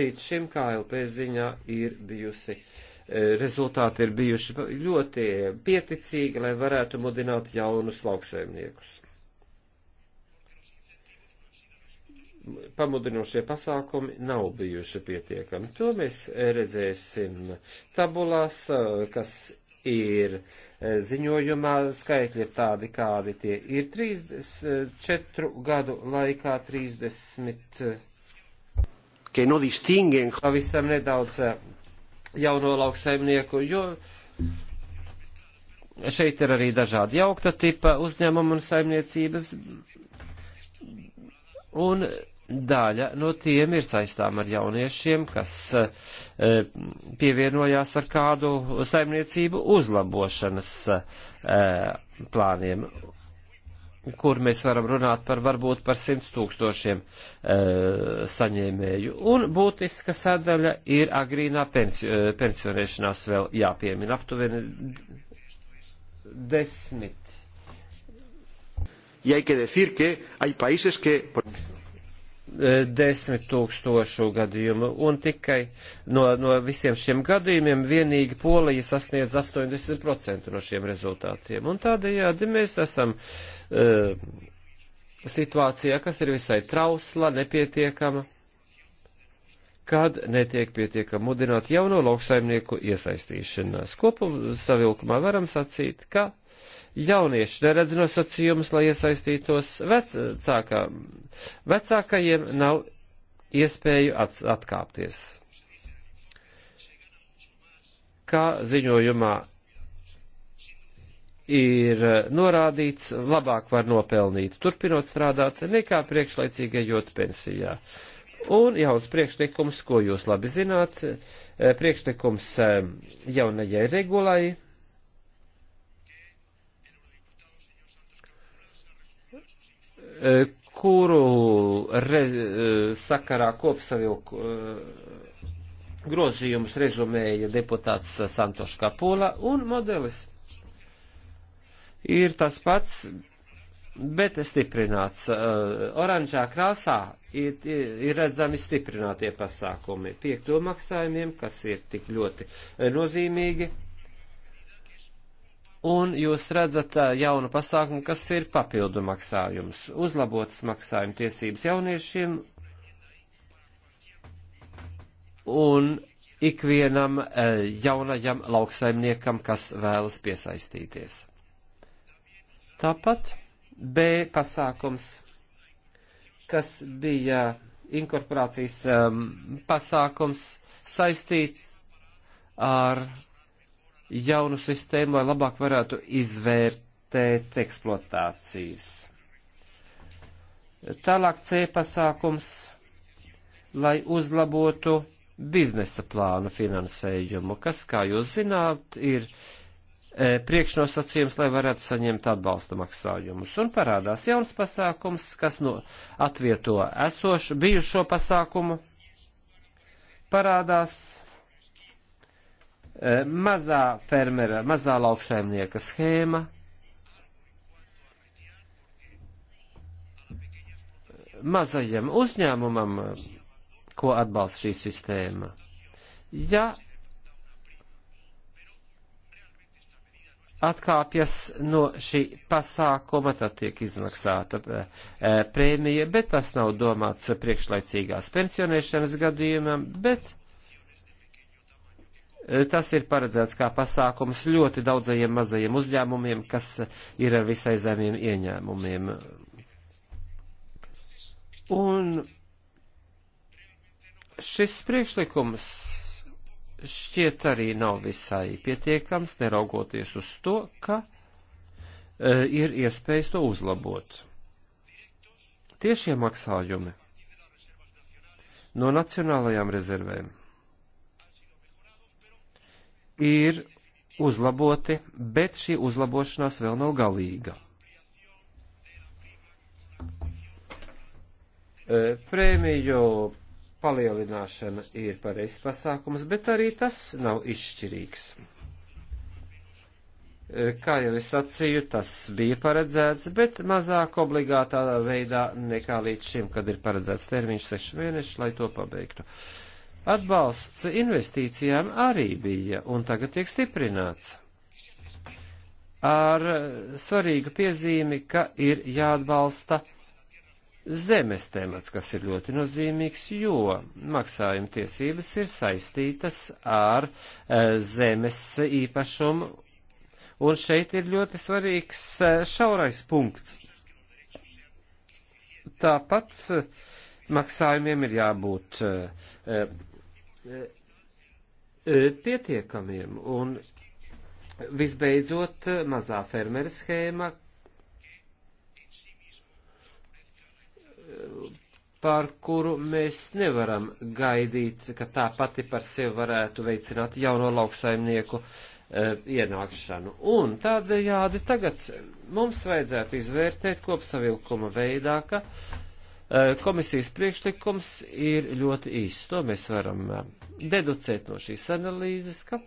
līdz šim KLP ziņā ir bijusi. E, rezultāti ir bijuši ļoti pieticīgi, lai varētu mudināt jaunus lauksaimniekus. pamudinošie pasākumi nav bijuši pietiekami. To mēs redzēsim tabulās, kas ir ziņojumā. Skaitļi ir tādi, kādi tie ir 34 gadu laikā 30. Ka no distinguen. Pavisam nedaudz jauno lauksaimnieku, jo šeit ir arī dažādi jaukta tipa uzņēmuma un saimniecības, Un daļa no tiem ir saistām ar jauniešiem, kas e, pievienojās ar kādu saimniecību uzlabošanas e, plāniem, kur mēs varam runāt par varbūt par simts tūkstošiem e, saņēmēju. Un būtiska sadaļa ir agrīnā pensio, pensionēšanās vēl jāpiemina aptuveni desmit Y hay que decir que hay países que. Eh, desmit tūkstošu gadījumu, un tikai no, no visiem šiem gadījumiem vienīgi Polija sasniedz 80% no šiem rezultātiem. Un tādējādi mēs esam uh, situācijā, kas ir visai trausla, nepietiekama, kad netiek pietiekami mudināt jauno lauksaimnieku iesaistīšanās. Kopumā savilkumā varam sacīt, ka jaunieši neredz nosacījumus, lai iesaistītos vecākā. Vecākajiem nav iespēju at atkāpties. Kā ziņojumā ir norādīts, labāk var nopelnīt, turpinot strādāt, nekā priekšlaicīgi ejot pensijā. Un jauns priekšlikums, ko jūs labi zināt, priekšlikums eh, jaunajai regulai E, kuru re, e, sakarā kopsavilku e, grozījumus rezumēja deputāts Santoš Kapula un modelis ir tas pats, bet stiprināts. Oranžā krāsā ir, ir, ir redzami stiprinātie pasākumi piekto maksājumiem, kas ir tik ļoti nozīmīgi Un jūs redzat jaunu pasākumu, kas ir papildu maksājums, uzlabotas maksājuma tiesības jauniešiem un ikvienam jaunajam lauksaimniekam, kas vēlas piesaistīties. Tāpat B pasākums, kas bija inkorporācijas um, pasākums saistīts ar jaunu sistēmu, lai labāk varētu izvērtēt eksploatācijas. Tālāk C pasākums, lai uzlabotu biznesa plānu finansējumu, kas, kā jūs zināt, ir e, priekšnosacījums, lai varētu saņemt atbalsta maksājumus. Un parādās jauns pasākums, kas no atvieto esošu bijušo pasākumu. Parādās Eh, mazā fermera, mazā lauksaimnieka schēma. Mazajam uzņēmumam, ko atbalsta šī sistēma. Ja atkāpjas no šī pasākuma, tad tiek izmaksāta eh, prēmija, bet tas nav domāts priekšlaicīgās pensionēšanas gadījumam, bet Tas ir paredzēts kā pasākums ļoti daudzajiem mazajiem uzņēmumiem, kas ir ar visai zemiem ieņēmumiem. Un šis priekšlikums šķiet arī nav visai pietiekams, neraugoties uz to, ka e, ir iespējas to uzlabot. Tiešie maksājumi no nacionālajām rezervēm ir uzlaboti, bet šī uzlabošanās vēl nav galīga. E, prēmiju palielināšana ir pareizs pasākums, bet arī tas nav izšķirīgs. E, kā jau es sacīju, tas bija paredzēts, bet mazāk obligātā veidā nekā līdz šim, kad ir paredzēts termiņš seši mēneši, lai to pabeigtu. Uh, Atbalsts investīcijām arī bija un tagad tiek stiprināts. Ar svarīgu piezīmi, ka ir jāatbalsta zemes temats, kas ir ļoti nozīmīgs, jo maksājuma tiesības ir saistītas ar e, zemes īpašumu, un šeit ir ļoti svarīgs e, šaurais punkts. Tāpat e, maksājumiem ir jābūt e, e E, e, pietiekamiem. Un visbeidzot, mazā fermera schēma, par kuru mēs nevaram gaidīt, ka tā pati par sevi varētu veicināt jauno lauksaimnieku e, ienākšanu. Un tādējādi tagad mums vajadzētu izvērtēt kopsavilkuma veidā, ka uh, Eh, komisijas priekšlikums ir ļoti īss. To mēs varam eh, deducēt no šīs analīzes, ka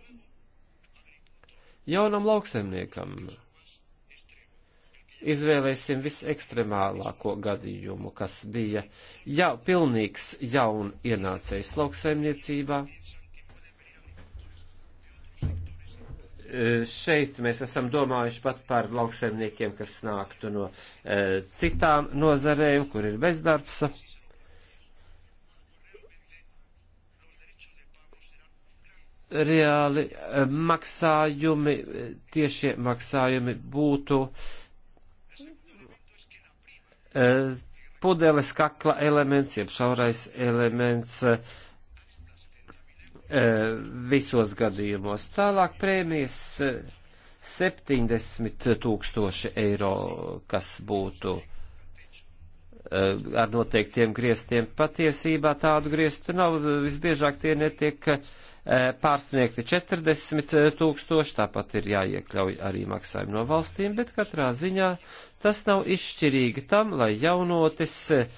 jaunam lauksemniekam izvēlēsim visekstremālāko gadījumu, kas bija jau pilnīgs jaun ienācējs lauksaimniecībā, Eh, šeit mēs esam domājuši pat par lauksaimniekiem, kas nāktu no eh, citām nozarēm, kur ir bezdarbs. Reāli eh, maksājumi, tiešie maksājumi būtu pudeles kakla elements, jeb šaurais elements, uh, E, visos gadījumos. Tālāk prēmijas 70 e, tūkstoši eiro, kas būtu e, ar noteiktiem griestiem. Patiesībā tādu griestu nav, visbiežāk tie netiek uh, Eh, pārsniegti 40 eh, tūkstoši, tāpat ir jāiekļauj arī maksājumi no valstīm, bet katrā ziņā tas nav izšķirīgi tam, lai jaunotis eh,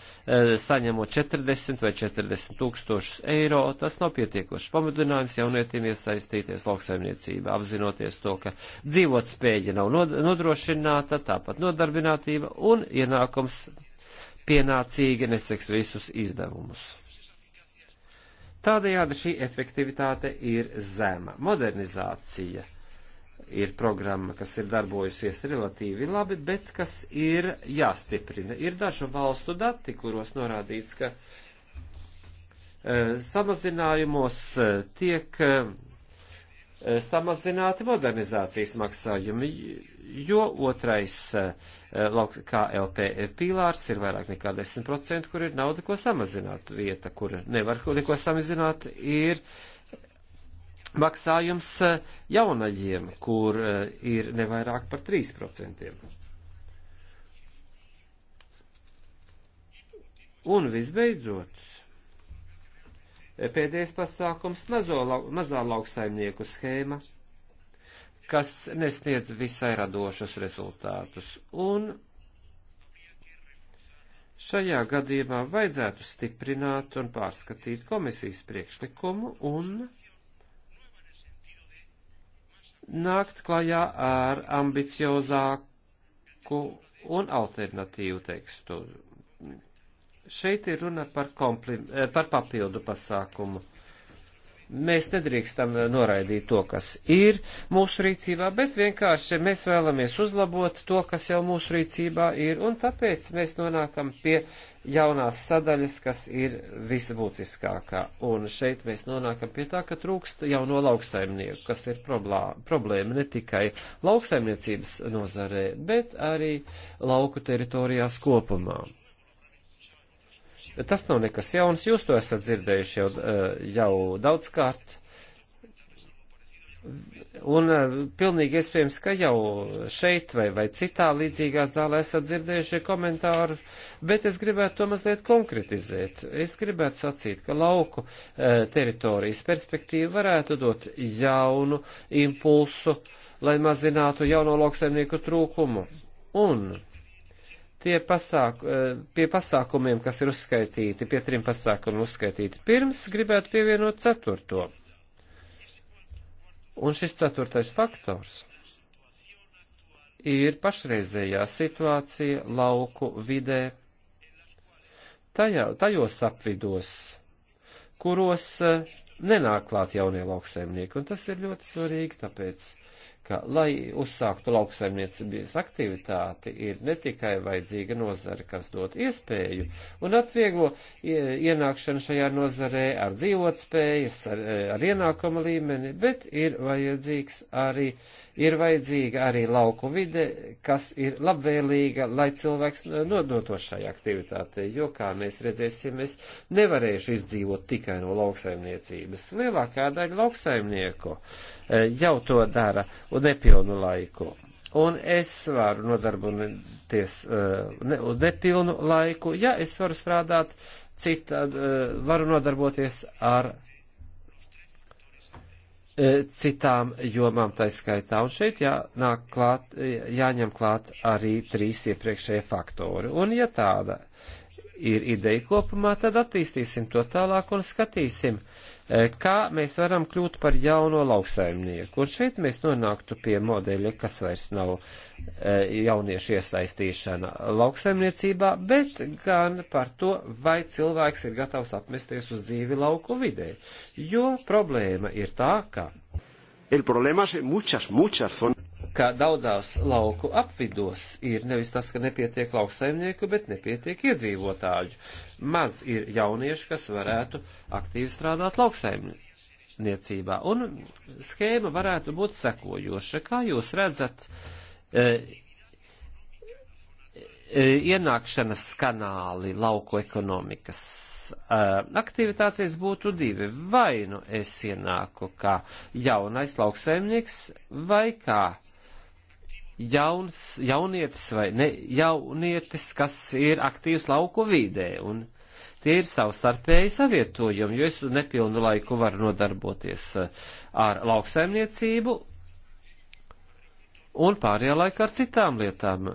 saņemot 40 vai 40 tūkstošus eiro, tas nav pietiekošs pamudinājums jaunietim iesaistīties lauksaimniecībā, apzinoties to, ka dzīvot spēja nav nodrošināta, tāpat nodarbinātība un ienākums pienācīgi neseks visus izdevumus. Tādējādi šī efektivitāte ir zema. Modernizācija ir programma, kas ir darbojusies relatīvi labi, bet kas ir jāstiprina. Ir dažu valstu dati, kuros norādīts, ka e, samazinājumos eh, tiek. E, Eh, samazināti modernizācijas maksājumi, jo otrais eh, KLP pīlārs ir vairāk nekā 10%, kur ir nauda, ko samazināt. Vieta, kur nevar neko samazināt, ir maksājums eh, jaunajiem, kur ir nevairāk par 3%. Un visbeidzot, Pēdējais pasākums mazo, mazā lauksaimnieku schēma, kas nesniedz visai radošus rezultātus. Un šajā gadījumā vajadzētu stiprināt un pārskatīt komisijas priekšlikumu un nākt klajā ar ambiciozāku un alternatīvu tekstu. Šeit ir runa par, komplim, eh, par papildu pasākumu. Mēs nedrīkstam eh, noraidīt to, kas ir mūsu rīcībā, bet vienkārši mēs vēlamies uzlabot to, kas jau mūsu rīcībā ir, un tāpēc mēs nonākam pie jaunās sadaļas, kas ir visbūtiskākā. Un šeit mēs nonākam pie tā, ka trūkst jauno lauksaimnieku, kas ir problēma ne tikai lauksaimniecības nozarē, bet arī lauku teritorijās kopumā. Tas nav nekas jauns, jūs to esat dzirdējuši jau, eh, jau daudzkārt. Un eh, pilnīgi iespējams, ka jau šeit vai, vai citā līdzīgā zālē esat dzirdējuši komentāru, bet es gribētu to mazliet konkretizēt. Es gribētu sacīt, ka lauku eh, teritorijas perspektīva varētu dot jaunu impulsu, lai mazinātu jauno lauksaimnieku trūkumu. Un tie pasāk, eh, pie pasākumiem, kas ir uzskaitīti, pie trim pasākumiem uzskaitīti pirms, gribētu pievienot ceturto. Un šis ceturtais faktors ir pašreizējā situācija lauku vidē, tajā, tajos apvidos, kuros eh, nenāk klāt jaunie lauksaimnieki, un tas ir ļoti svarīgi, tāpēc ka, lai uzsāktu lauksaimniecības aktivitāti, ir ne tikai vajadzīga nozare, kas dod iespēju un atvieglo ienākšanu šajā nozarē ar dzīvotspējas, ar, ar ienākuma līmeni, bet ir vajadzīgs arī, ir vajadzīga arī lauku vide, kas ir labvēlīga, lai cilvēks nodoto šai aktivitātei, jo, kā mēs redzēsim, es nevarēšu izdzīvot tikai no lauksaimniecības. Lielākā daļa lauksaimnieku eh, jau to dara un nepilnu laiku. Un es varu nodarboties eh, ne, nepilnu laiku, ja es varu strādāt citā, eh, varu nodarboties ar eh, citām jomām taiskaitā. Un šeit jānāk klāt, jāņem klāt arī trīs iepriekšējie faktori. Un ja tāda ir ideja kopumā, tad attīstīsim to tālāk un skatīsim, e, kā mēs varam kļūt par jauno lauksaimnieku. Un šeit mēs nonāktu pie modeļa, kas vairs nav e, jauniešu iesaistīšana lauksaimniecībā, bet gan par to, vai cilvēks ir gatavs apmesties uz dzīvi lauku vidē. Jo problēma ir tā, ka. El problema es en muchas, muchas zonas ka daudzās lauku apvidos ir nevis tas, ka nepietiek lauksaimnieku, bet nepietiek iedzīvotāju. Maz ir jaunieši, kas varētu aktīvi strādāt lauksaimniecībā. Un schēma varētu būt sekojoša. Kā jūs redzat, e, e ienākšanas kanāli lauku ekonomikas e, aktivitātēs būtu divi. Vai nu es ienāku kā jaunais lauksaimnieks, vai kā jauns, jaunietis vai ne jaunietis, kas ir aktīvs lauku vidē. Un tie ir savstarpēji savietojumi, jo es nepilnu laiku varu nodarboties eh, ar lauksaimniecību un pārējā laikā ar citām lietām.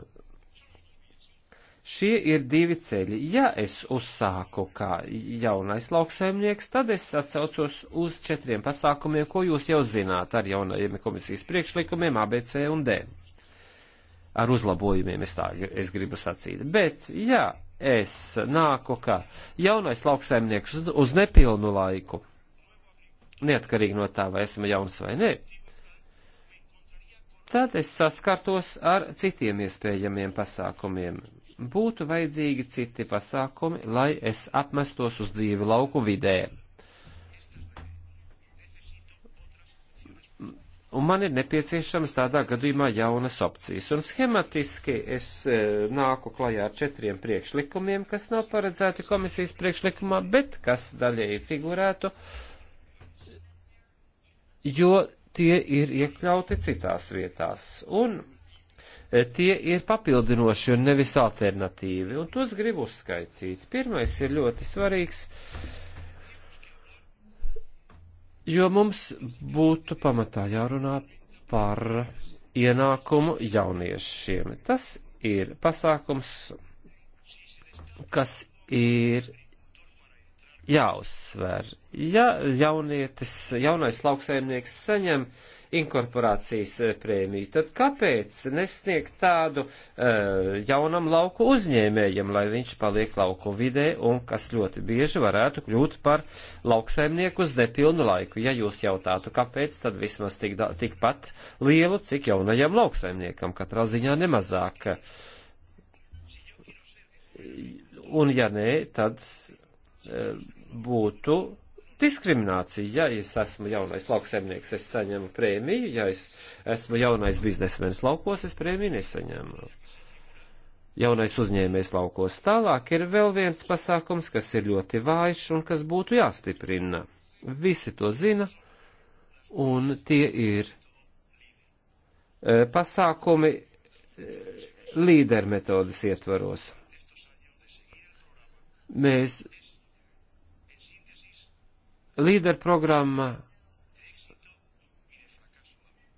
Šie ir divi ceļi. Ja es uzsāku kā jaunais lauksaimnieks, tad es atsaucos uz četriem pasākumiem, ko jūs jau zināt ar jaunajiem komisijas priekšlikumiem ABC un D ar uzlabojumiem, es tā es gribu sacīt. Bet, jā, es nāku kā jaunais lauksaimnieks uz nepilnu laiku, neatkarīgi no tā, vai esmu jauns vai nē, tad es saskartos ar citiem iespējamiem pasākumiem. Būtu vajadzīgi citi pasākumi, lai es apmestos uz dzīvi lauku vidē. Un man ir nepieciešams tādā gadījumā jaunas opcijas. Un schematiski es e, nāku klajā ar četriem priekšlikumiem, kas nav paredzēti komisijas priekšlikumā, bet kas daļēji figurētu, jo tie ir iekļauti citās vietās. Un e, tie ir papildinoši un nevis alternatīvi. Un tos gribu uzskaitīt. Pirmais ir ļoti svarīgs. E, jo mums būtu pamatā jārunā par ienākumu jauniešiem. Tas ir pasākums, kas ir jāuzsver. Ja jaunietis, jaunais lauksaimnieks saņem uh, inkorporācijas eh, prēmiju, tad kāpēc nesniegt tādu uh, jaunam lauku uzņēmējam, lai viņš paliek lauku vidē un kas ļoti bieži varētu kļūt par lauksaimnieku uz nepilnu laiku? Ja jūs jautātu, kāpēc, tad vismaz tik, da, tik pat lielu, cik jaunajam lauksaimniekam, katrā ziņā nemazāk. Un ja nē, tad uh, būtu diskriminācija. Ja es esmu jaunais lauksaimnieks, es saņemu prēmiju, ja es esmu jaunais biznesmenis laukos, es prēmiju nesaņemu. Jaunais uzņēmējs laukos tālāk ir vēl viens pasākums, kas ir ļoti vājš un kas būtu jāstiprina. Visi to zina, un tie ir e, pasākumi e, līdermetodas ietvaros. Mēs līderprogramma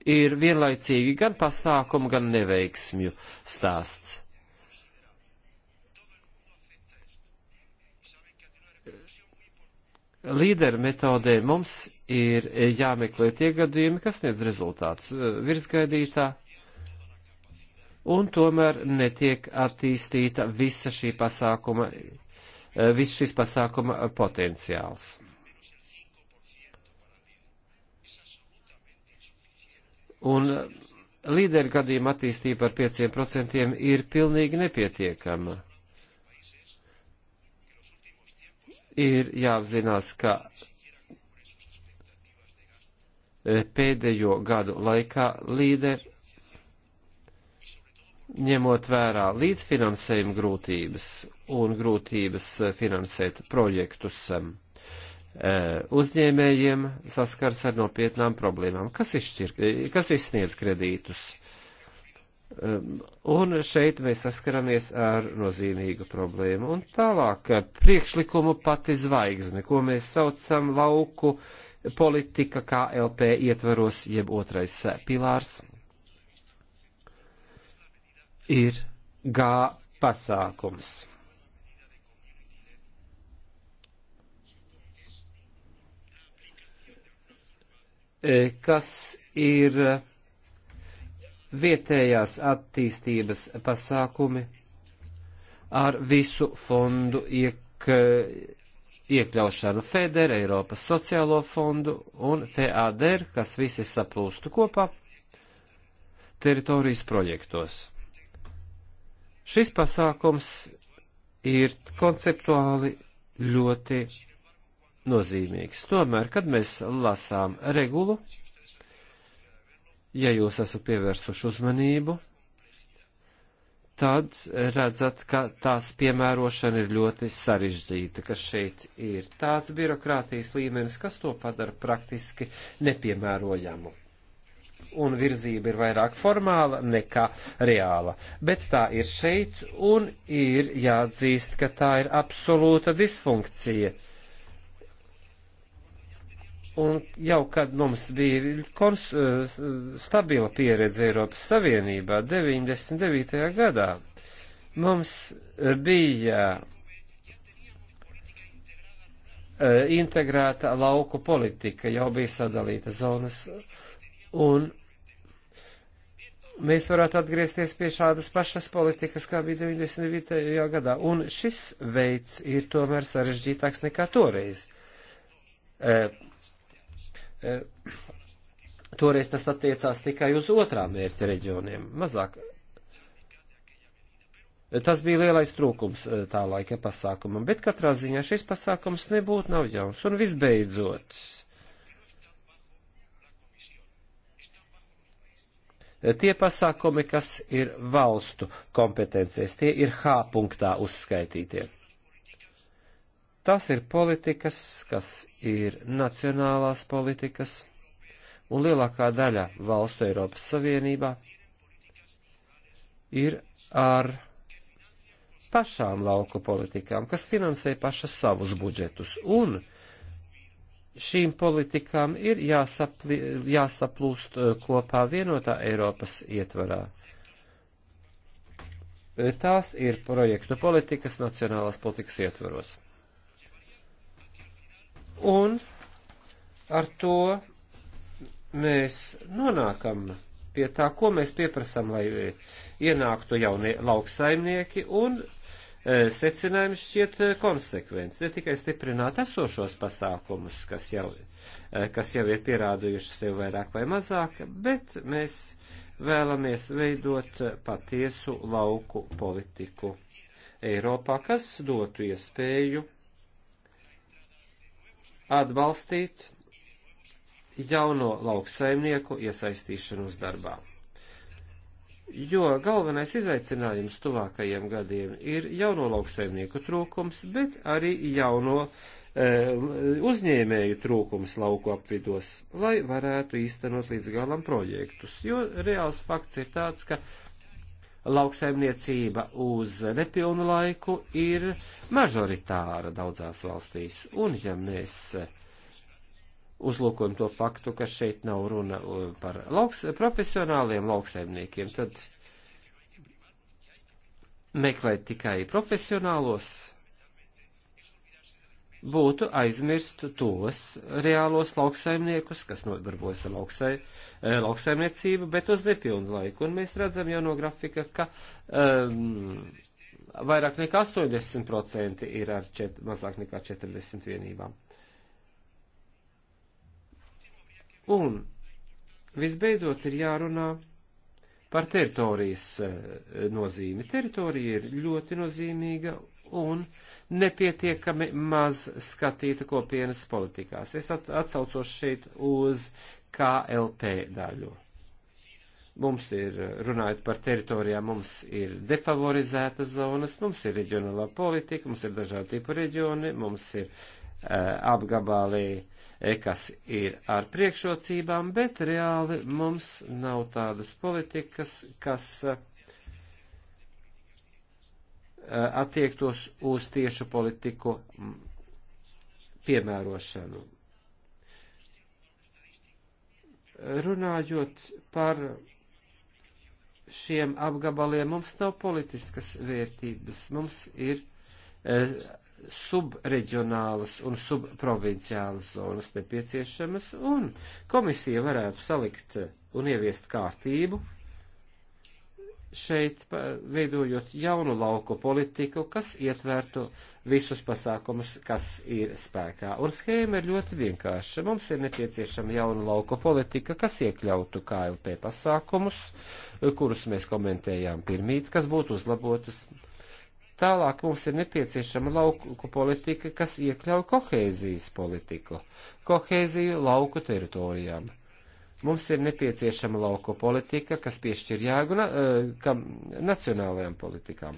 ir vienlaicīgi gan pasākumu, gan neveiksmju stāsts. Līderu metodē mums ir jāmeklē tie gadījumi, kas sniedz rezultātus eh, virsgaidītā, un tomēr netiek attīstīta visa šī pasākuma, eh, viss šis pasākuma potenciāls. Un līderi gadījuma attīstība ar 5% ir pilnīgi nepietiekama. Ir jāapzinās, ka e, pēdējo gadu laikā līderi, ņemot vērā līdzfinansējuma grūtības un grūtības finansēt projektus, um, E, uzņēmējiem saskars ar nopietnām problēmām, kas, izšķir, e, kas izsniedz kredītus. E, un šeit mēs saskaramies ar nozīmīgu problēmu. Un tālāk priekšlikumu pati zvaigzne, ko mēs saucam lauku politika KLP ietvaros, jeb otrais pilārs, ir G pasākums E, kas ir vietējās attīstības pasākumi ar visu fondu iek, iekļaušanu FEDER, Eiropas sociālo fondu un FEADER, kas visi saplūstu kopā teritorijas projektos. Šis pasākums ir konceptuāli ļoti nozīmīgs. Tomēr, kad mēs lasām regulu, ja jūs esat pievērsuši uzmanību, tad redzat, ka tās piemērošana ir ļoti sarežģīta, ka šeit ir tāds birokrātijas līmenis, kas to padara praktiski nepiemērojamu. Un virzība ir vairāk formāla nekā reāla. Bet tā ir šeit, un ir jāatzīst, ka tā ir absolūta disfunkcija. Uh, Un jau kad mums bija kons, eh, stabila pieredze Eiropas Savienībā 99. gadā, mums bija eh, integrēta lauku politika, jau bija sadalīta zonas, un mēs varētu atgriezties pie šādas pašas politikas, kā bija 99. gadā. Un šis veids ir tomēr sarežģītāks nekā toreiz eh, Eh, toreiz tas attiecās tikai uz otrā mērķa reģioniem, mazāk. Tas bija lielais trūkums eh, tā laika pasākumam, bet katrā ziņā šis pasākums nebūtu nav jauns. Un visbeidzot, eh, tie pasākumi, kas ir valstu kompetencijas, tie ir H punktā uzskaitītie. Tās ir politikas, kas ir nacionālās politikas, un lielākā daļa valstu Eiropas Savienībā ir ar pašām lauku politikām, kas finansē pašas savus budžetus, un šīm politikām ir jāsapli, jāsaplūst eh, kopā vienotā Eiropas ietvarā. Eh, tās ir projektu politikas nacionālās politikas ietvaros. Un ar to mēs nonākam pie tā, ko mēs pieprasām, lai eh, ienāktu jaunie lauksaimnieki, un e, eh, secinājums šķiet eh, konsekvents. Ne tikai stiprināt esošos pasākumus, kas jau, e, kas jau ir pierādījuši sev vairāk vai mazāk, bet mēs vēlamies veidot patiesu lauku politiku Eiropā, kas dotu iespēju atbalstīt jauno lauksaimnieku iesaistīšanos darbā. Jo galvenais izaicinājums tuvākajiem gadiem ir jauno lauksaimnieku trūkums, bet arī jauno e, uzņēmēju trūkums lauku apvidos, lai varētu īstenot līdz galam projektus. Jo reāls fakts ir tāds, ka e, lauksaimniecība uz nepilnu laiku ir mažoritāra daudzās valstīs. Un ja mēs eh, uzlūkojam to faktu, ka šeit nav runa eh, par lauks, profesionāliem lauksaimniekiem, tad meklēt tikai profesionālos būtu aizmirst tos reālos lauksaimniekus, kas nodarbojas ar lauksai, e, lauksaimniecību, bet uz nepilnu laiku. Un mēs redzam jau no grafika, ka um, vairāk nekā 80% ir ar čet, mazāk nekā 40 vienībām. Un visbeidzot ir jārunā par teritorijas e, nozīmi. Teritorija ir ļoti nozīmīga un nepietiekami maz skatīta kopienas politikās. Es atsaucos šeit uz KLP daļu. Mums ir, runājot par teritorijām, mums ir defavorizētas zonas, mums ir reģionālā politika, mums ir dažādi tipu reģioni, mums ir uh, eh, apgabalī, eh, kas ir ar priekšrocībām, bet reāli mums nav tādas politikas, kas uh, Eh, attiektos uz tiešu politiku piemērošanu. Runājot par šiem apgabaliem, mums nav politiskas vērtības, mums ir eh, subreģionālas un subprovinciālas zonas nepieciešamas, un komisija varētu salikt un ieviest kārtību, šeit veidojot jaunu lauku politiku, kas ietvertu visus pasākumus, kas ir spēkā. Un schēma ir ļoti vienkārša. Mums ir nepieciešama jauna lauku politika, kas iekļautu KLP pasākumus, kurus mēs komentējām pirmīt, kas būtu uzlabotas. Tālāk mums ir nepieciešama lauku politika, kas iekļauj kohēzijas politiku, kohēziju lauku teritorijām Mums ir nepieciešama lauko politika, kas piešķir jēgu na, eh, kam, nacionālajām politikām.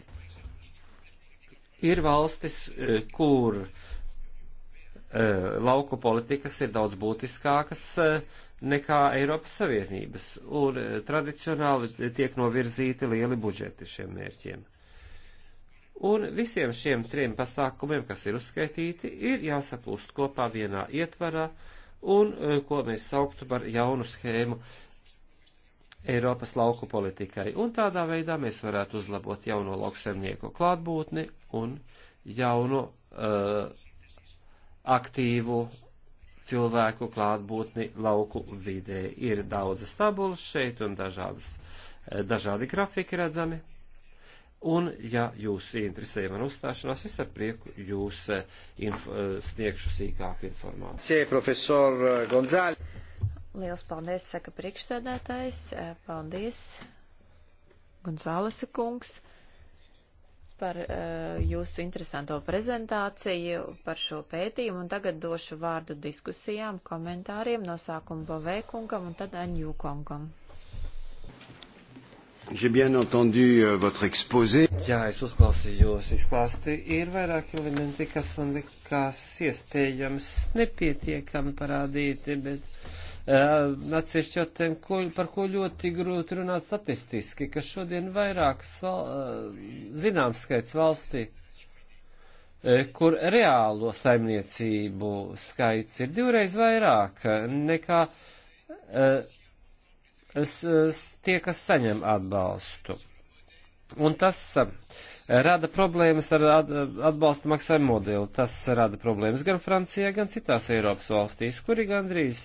Ir valstis, eh, kur eh, lauku politikas ir daudz būtiskākas nekā Eiropas Savienības, un tradicionāli tiek novirzīti lieli budžeti šiem mērķiem. Un visiem šiem trim pasākumiem, kas ir uzskaitīti, ir jāsaplūst kopā vienā ietvarā, uh, un e, ko mēs sauktu par jaunu schēmu Eiropas lauku politikai. Un tādā veidā mēs varētu uzlabot jauno lauksemnieku klātbūtni un jauno uh, aktīvu cilvēku klātbūtni lauku vidē. Ir daudzas tabulas šeit un dažādas, e, dažādi grafiki redzami. Un, ja jūs interesē man uzstāšanās, es ar prieku jūs eh, inf eh, sniegšu sīkāku informāciju. Profesor eh, Gonzāli. Liels paldies, saka priekšsēdētājs. Paldies, Gonzāles kungs, par uh, jūsu interesanto prezentāciju, par šo pētījumu. Un tagad došu vārdu diskusijām, komentāriem no sākuma Bovē kungam un tad Aņū kungam. J'ai bien entendu euh, votre exposé. Jā, es uzklausīju jūsu izklāstu. Ir vairāki elementi, kas man likās iespējams nepietiekami parādīti, bet uh, atsevišķi jau tiem, ko, par ko ļoti grūti runāt statistiski, ka šodien vairākas val, uh, zināms skaits valstī, uh, kur reālo saimniecību skaits ir divreiz vairāk nekā. Uh, tie, kas saņem atbalstu. Un tas rada problēmas ar atbalsta maksājumu modeli. Tas rada problēmas gan Francijā, gan citās Eiropas valstīs, kuri gandrīz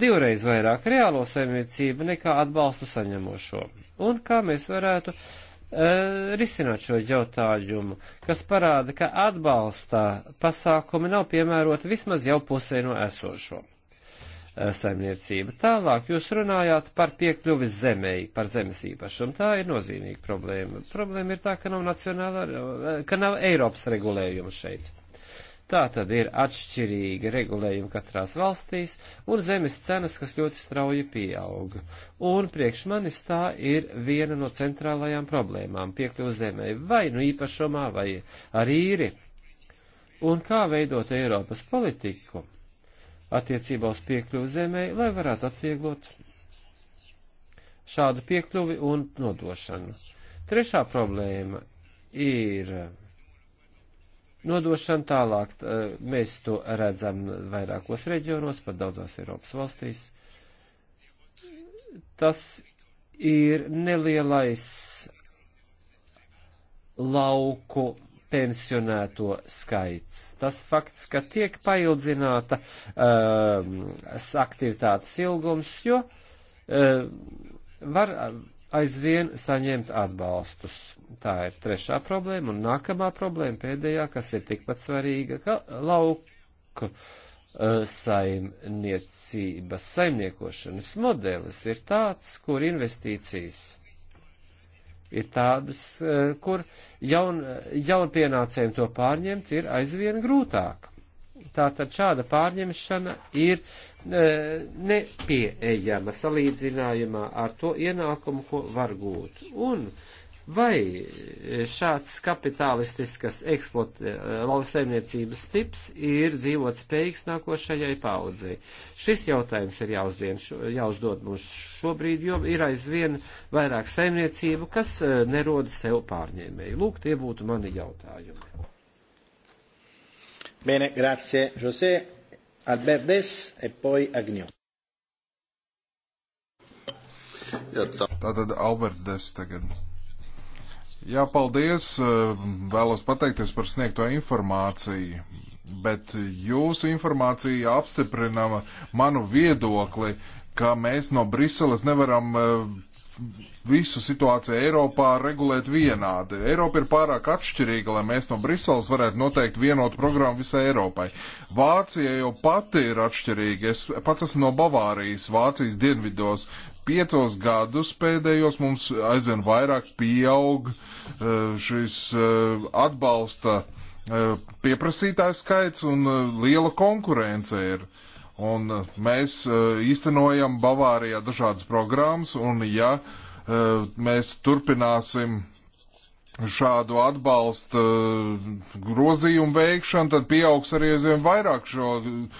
divreiz vairāk reālo saimniecību nekā atbalstu saņemošo. Un kā mēs varētu uh, risināt šo jautājumu, kas parāda, ka atbalsta pasākumi nav piemēroti vismaz jau pusē no esošo. Eh, saimniecība. Tālāk jūs runājāt par piekļuvi zemēji, par zemes īpašumu. Tā ir nozīmīga problēma. Problēma ir tā, ka nav nacionāla, eh, ka nav Eiropas regulējuma šeit. Tā tad ir atšķirīga regulējuma katrās valstīs un zemes cenas, kas ļoti strauji pieauga. Un priekš manis tā ir viena no centrālajām problēmām piekļuvi zemē, vai nu īpašumā, vai ar īri. Un kā veidot Eiropas politiku? attiecībā uz piekļuvu zemē, lai varētu atvieglot šādu piekļuvi un nodošanu. Trešā problēma ir nodošana tālāk. E, mēs to redzam vairākos reģionos, pat daudzās Eiropas valstīs. Tas ir nelielais lauku pensionēto skaits. Tas fakts, ka tiek paildzināta um, aktivitātes ilgums, jo um, var aizvien saņemt atbalstus. Tā ir trešā problēma, un nākamā problēma pēdējā, kas ir tikpat svarīga, ka lauku uh, saimniecības saimniekošanas modelis ir tāds, kur investīcijas ir tādas, eh, kur jaun, jaunpienācējiem to pārņemt ir aizvien grūtāk. Tātad šāda pārņemšana ir eh, nepieejama salīdzinājumā ar to ienākumu, ko var gūt. Un, uh, Vai šāds kapitalistiskas eh, lauksaimniecības tips ir dzīvot spējīgs nākošajai paudzei? Šis jautājums ir jāuzdien, jāuzdod mums šobrīd, jo ir aizvien vairāk saimniecību, kas eh, neroda sev pārņēmēju. Lūk, tie būtu mani jautājumi. Bene, grazie, José. Albert Des e poi Agnew. Ja, tā. Tātad Alberts Des tagad. Jā, paldies. Eh, vēlos pateikties par sniegto informāciju, bet jūsu informācija apstiprina manu viedokli, ka mēs no Briseles nevaram eh, visu situāciju Eiropā regulēt vienādi. Eiropa ir pārāk atšķirīga, lai mēs no Briseles varētu noteikt vienotu programmu visai Eiropai. Vācija jau pati ir atšķirīga. Es pats esmu no Bavārijas, Vācijas dienvidos piecos gadus pēdējos mums aizvien vairāk pieaug eh, šis eh, atbalsta eh, pieprasītājs skaits un liela konkurence ir. Un mēs īstenojam Bavārijā dažādas programmas, un ja mēs turpināsim šādu atbalsta eh, grozījumu veikšanu, tad pieaugs arī aizvien vairāk šo eh,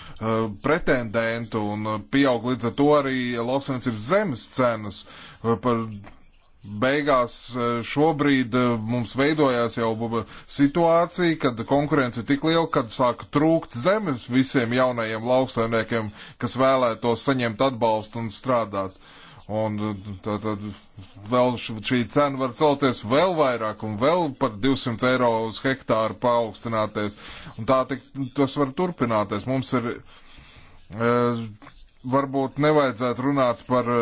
pretendentu un eh, pieaug līdz ar to arī lauksaimniecības zemes cenas. Par beigās šobrīd mums veidojās jau situācija, kad konkurence ir tik liela, kad sāk trūkt zemes visiem jaunajiem lauksaimniekiem, kas vēlētos saņemt atbalstu un strādāt. Uh, Un tad, uh, tad vēl šī cena var celties vēl vairāk un vēl par 200 eiro uz hektāru paaugstināties. Un tā tik, tas var turpināties. Mums ir, e, varbūt nevajadzētu runāt par e,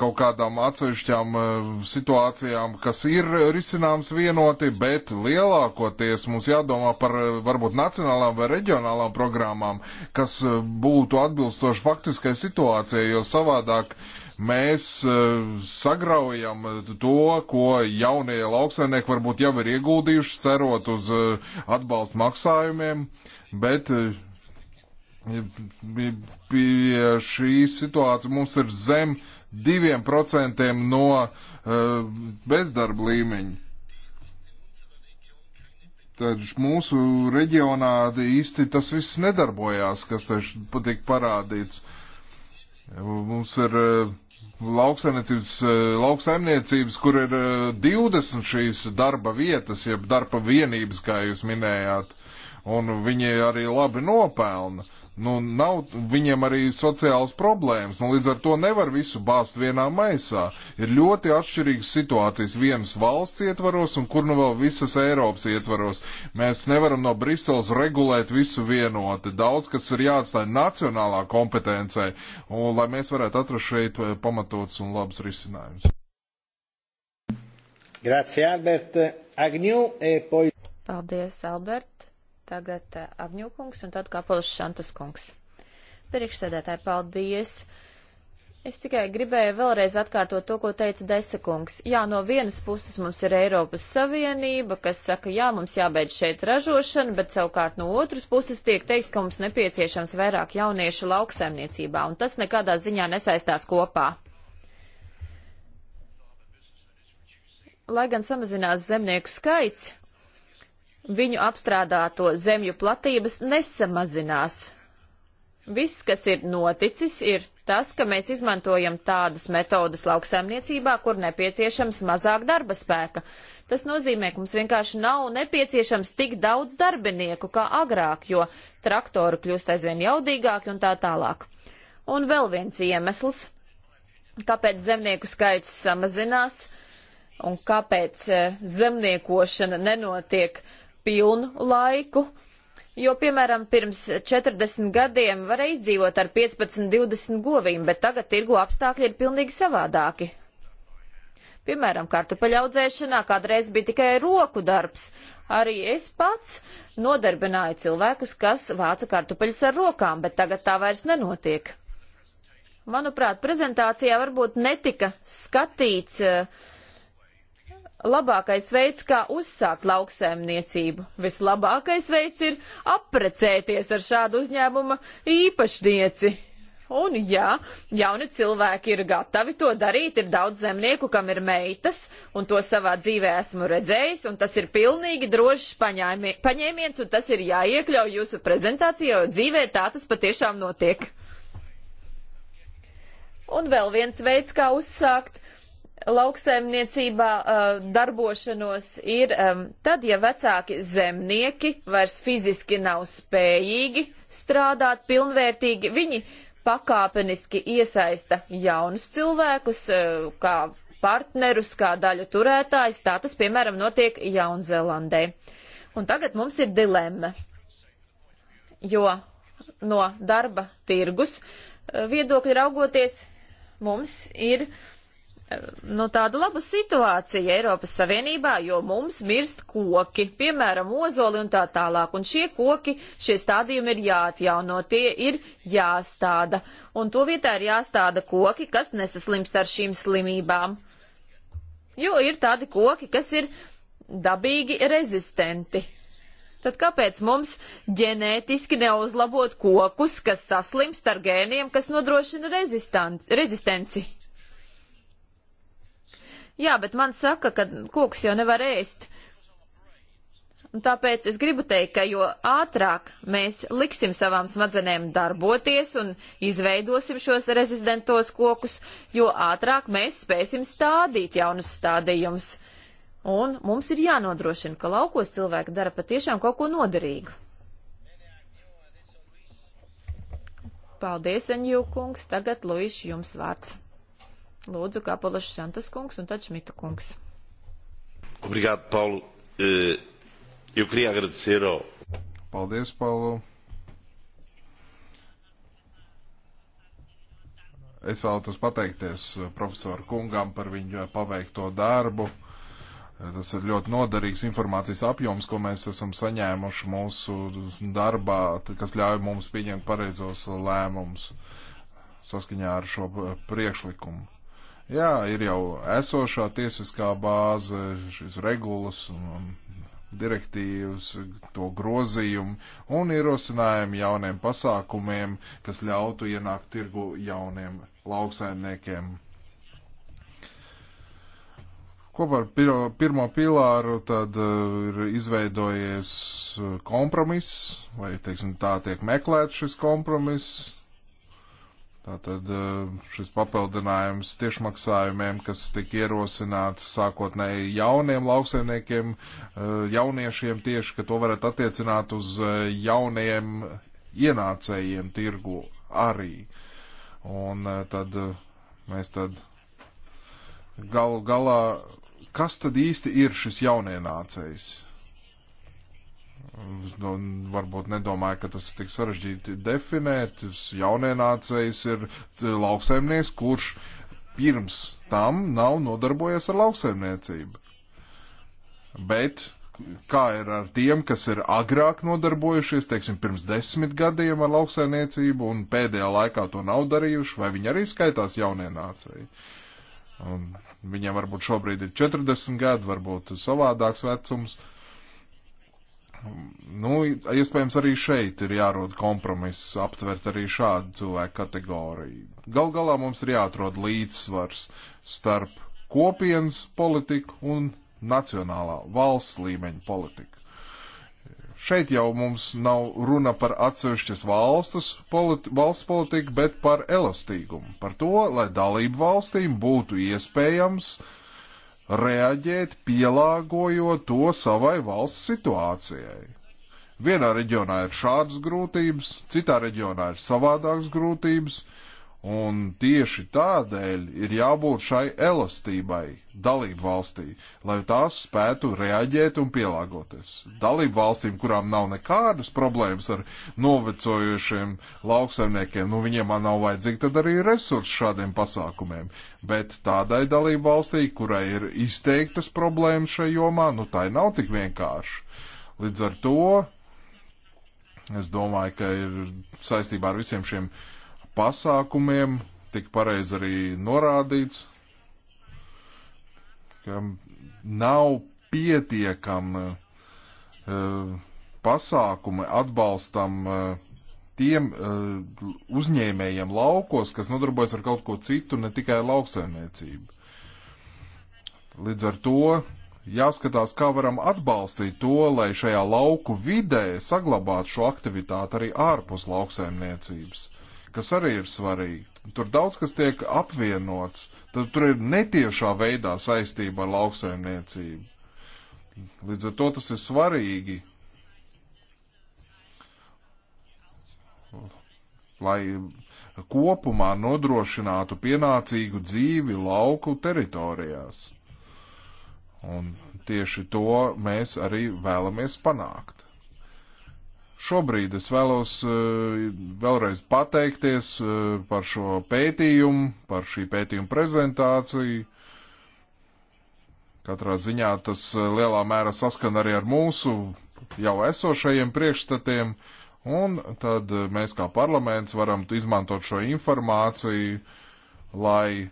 kaut kādām atsevišķām e, situācijām, kas ir risināms vienoti, bet lielākoties mums jādomā par varbūt nacionālām vai reģionālām programmām, kas būtu atbilstoši faktiskai situācijai, jo savādāk. E, Mēs e, sagraujam to, ko jaunie lauksaimnieki varbūt jau ir ieguldījuši, cerot uz e, atbalstu maksājumiem, bet e, pie šīs situācijas mums ir zem 2% no bezdarba līmeņa. Tad mūsu reģionā īsti tas viss nedarbojās, kas te patīk parādīts. Mums ir uh, lauksaimniecības, eh, lauksaimniecības, kur ir 20 eh, šīs darba vietas, jeb darba vienības, kā jūs minējāt, un viņi arī labi nopelna. Uh, Nu, nav viņiem arī sociāls problēmas, nu, līdz ar to nevar visu bāzt vienā maisā. Ir ļoti atšķirīgas situācijas vienas valsts ietvaros un kur nu vēl visas Eiropas ietvaros. Mēs nevaram no Briseles regulēt visu vienoti. Daudz, kas ir jāatstāj nacionālā kompetencē, un, lai mēs varētu atrast šeit eh, pamatots un labs risinājums. Grazie, Albert. Agnew, e poi... Paldies, Albert. Tagad eh, Agņūkungs un tad Kapolis Šantas kungs. Priekšsēdētāji, paldies! Es tikai gribēju vēlreiz atkārtot to, ko teica Desekungs. Jā, no vienas puses mums ir Eiropas Savienība, kas saka, jā, mums jābeidz šeit ražošana, bet savukārt no otras puses tiek teikt, ka mums nepieciešams vairāk jauniešu lauksaimniecībā, un tas nekādā ziņā nesaistās kopā. Lai gan samazinās zemnieku skaits, viņu apstrādāto zemju platības nesamazinās. Viss, kas ir noticis, ir tas, ka mēs izmantojam tādas metodas lauksaimniecībā, kur nepieciešams mazāk darba spēka. Tas nozīmē, ka mums vienkārši nav nepieciešams tik daudz darbinieku kā agrāk, jo traktori kļūst aizvien jaudīgāki un tā tālāk. Un vēl viens iemesls, kāpēc zemnieku skaits samazinās un kāpēc eh, zemniekošana nenotiek uh, pilnu laiku, jo, piemēram, pirms 40 gadiem varēja izdzīvot ar 15-20 govīm, bet tagad tirgu apstākļi ir pilnīgi savādāki. Piemēram, kartupeļaudzēšanā kādreiz bija tikai roku darbs. Arī es pats nodarbināju cilvēkus, kas vāca kartupeļus ar rokām, bet tagad tā vairs nenotiek. Manuprāt, prezentācijā varbūt netika skatīts uh, labākais veids, kā uzsākt lauksēmniecību. Vislabākais veids ir aprecēties ar šādu uzņēmuma īpašnieci. Un jā, jauni cilvēki ir gatavi to darīt, ir daudz zemnieku, kam ir meitas, un to savā dzīvē esmu redzējis, un tas ir pilnīgi drošs paņēmiens, un tas ir jāiekļauj jūsu prezentācijā, jo dzīvē tā tas patiešām notiek. Un vēl viens veids, kā uzsākt lauksaimniecībā uh, darbošanos ir um, tad, ja vecāki zemnieki vairs fiziski nav spējīgi strādāt pilnvērtīgi, viņi pakāpeniski iesaista jaunus cilvēkus uh, kā partnerus, kā daļu turētājus. Tā tas, piemēram, notiek Jaunzēlandē. Un tagad mums ir dilemma, jo no darba tirgus uh, viedokļa raugoties mums ir uh, nu, tādu labu situāciju Eiropas Savienībā, jo mums mirst koki, piemēram, ozoli un tā tālāk. Un šie koki, šie stādījumi ir jāatjauno, tie ir jāstāda. Un to vietā ir jāstāda koki, kas nesaslimst ar šīm slimībām. Jo ir tādi koki, kas ir dabīgi rezistenti. Tad kāpēc mums ģenētiski neuzlabot kokus, kas saslimst ar gēniem, kas nodrošina rezistenci? Jā, bet man saka, ka koks jau nevar ēst. Un tāpēc es gribu teikt, ka jo ātrāk mēs liksim savām smadzenēm darboties un izveidosim šos rezistentos kokus, jo ātrāk mēs spēsim stādīt jaunus stādījumus. Un mums ir jānodrošina, ka laukos cilvēki dara patiešām kaut ko noderīgu. Paldies, Anjū kungs, tagad Luīši jums vārds. Lūdzu, kā Palašs Šantas kungs un tad Šmita kungs. Obrigado, Paulo. Eh, eu queria agradecer ao... Paldies, Paulo. Es vēlētos pateikties eh, profesoru kungam par viņu eh, paveikto darbu. Tas ir ļoti noderīgs informācijas apjoms, ko mēs esam saņēmuši mūsu darbā, kas ļauj mums pieņemt pareizos lēmumus saskaņā ar šo priekšlikumu. Jā, ir jau esošā tiesiskā bāze, šis regulas un direktīvas, to grozījumu un ierosinājumu jauniem pasākumiem, kas ļautu ienākt tirgu jauniem lauksaimniekiem. Kopā ar pirmo pilāru tad uh, ir izveidojies uh, kompromiss, vai, teiksim, tā tiek meklēts šis kompromiss, Tātad eh, šis papildinājums tiešmaksājumiem, kas tika ierosināts sākotnēji jauniem lauksaimniekiem, eh, jauniešiem tieši, ka to varētu attiecināt uz eh, jauniem ienācējiem tirgu arī. Un tad mēs tad gal galā, kas tad īsti ir šis jaunienācējs? Nu, varbūt nedomāju, ka tas ir tik sarežģīti definēt. Jaunienācējs ir lauksaimnieks, kurš pirms tam nav nodarbojies ar lauksaimniecību. Bet kā ir ar tiem, kas ir agrāk nodarbojušies, teiksim, pirms desmit gadiem ar lauksaimniecību un pēdējā laikā to nav darījuši, vai viņi arī skaitās jaunienācēji? Un viņiem varbūt šobrīd ir 40 gadi, varbūt savādāks vecums. Uh, Nu, iespējams, arī šeit ir jārod kompromiss, aptvert arī šādu cilvēku kategoriju. Gal galā mums ir jāatrod līdzsvars starp kopienas politiku un nacionālā valsts līmeņa politiku. Šeit jau mums nav runa par atsevišķas valstus, politi valsts politiku, bet par elastīgumu. Par to, lai dalību valstīm būtu iespējams uh, reaģēt, pielāgojot to savai valsts situācijai. Vienā reģionā ir šādas grūtības, citā reģionā ir savādākas grūtības, uh, Un tieši tādēļ ir jābūt šai elastībai dalību valstī, lai tās spētu reaģēt un pielāgoties. Dalību valstīm, kurām nav nekādas problēmas ar novecojušiem lauksaimniekiem, nu viņiem nav vajadzīgi tad arī resursi šādiem pasākumiem. Bet tādai dalību valstī, kurai ir izteiktas problēmas šai jomā, nu tai nav tik vienkārši. Līdz ar to es domāju, ka ir saistībā ar visiem šiem uh, pasākumiem, tik pareizi arī norādīts, ka nav pietiekama uh, eh, pasākumi atbalstam uh, tiem uh, uzņēmējiem laukos, kas nodarbojas ar kaut ko citu, ne tikai lauksaimniecību. Līdz ar to jāskatās, kā varam atbalstīt to, lai šajā lauku vidē saglabātu šo aktivitāti arī ārpus lauksaimniecības kas arī ir svarīgi. Tur daudz kas tiek apvienots, tad tur ir netiešā veidā saistība ar lauksaimniecību. Līdz ar to tas ir svarīgi, lai kopumā nodrošinātu pienācīgu dzīvi lauku teritorijās. Un tieši to mēs arī vēlamies panākt. Šobrīd es vēlos eh, vēlreiz pateikties eh, par šo pētījumu, par šī pētījuma prezentāciju. Katrā ziņā tas eh, lielā mērā saskan arī ar mūsu jau esošajiem priekšstatiem, un tad mēs kā parlaments varam izmantot šo informāciju, lai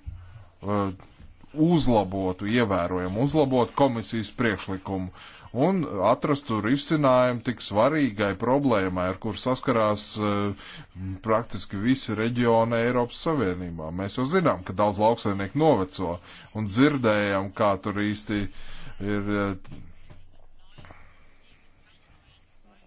uzlabotu, ievērojami uzlabotu komisijas priekšlikumu. Uh, un atrastu risinājumu tik svarīgai problēmai, ar kur saskarās eh, praktiski visi reģioni Eiropas Savienībā. Mēs jau zinām, ka daudz lauksaimnieku noveco un dzirdējam, kā tur īsti ir eh,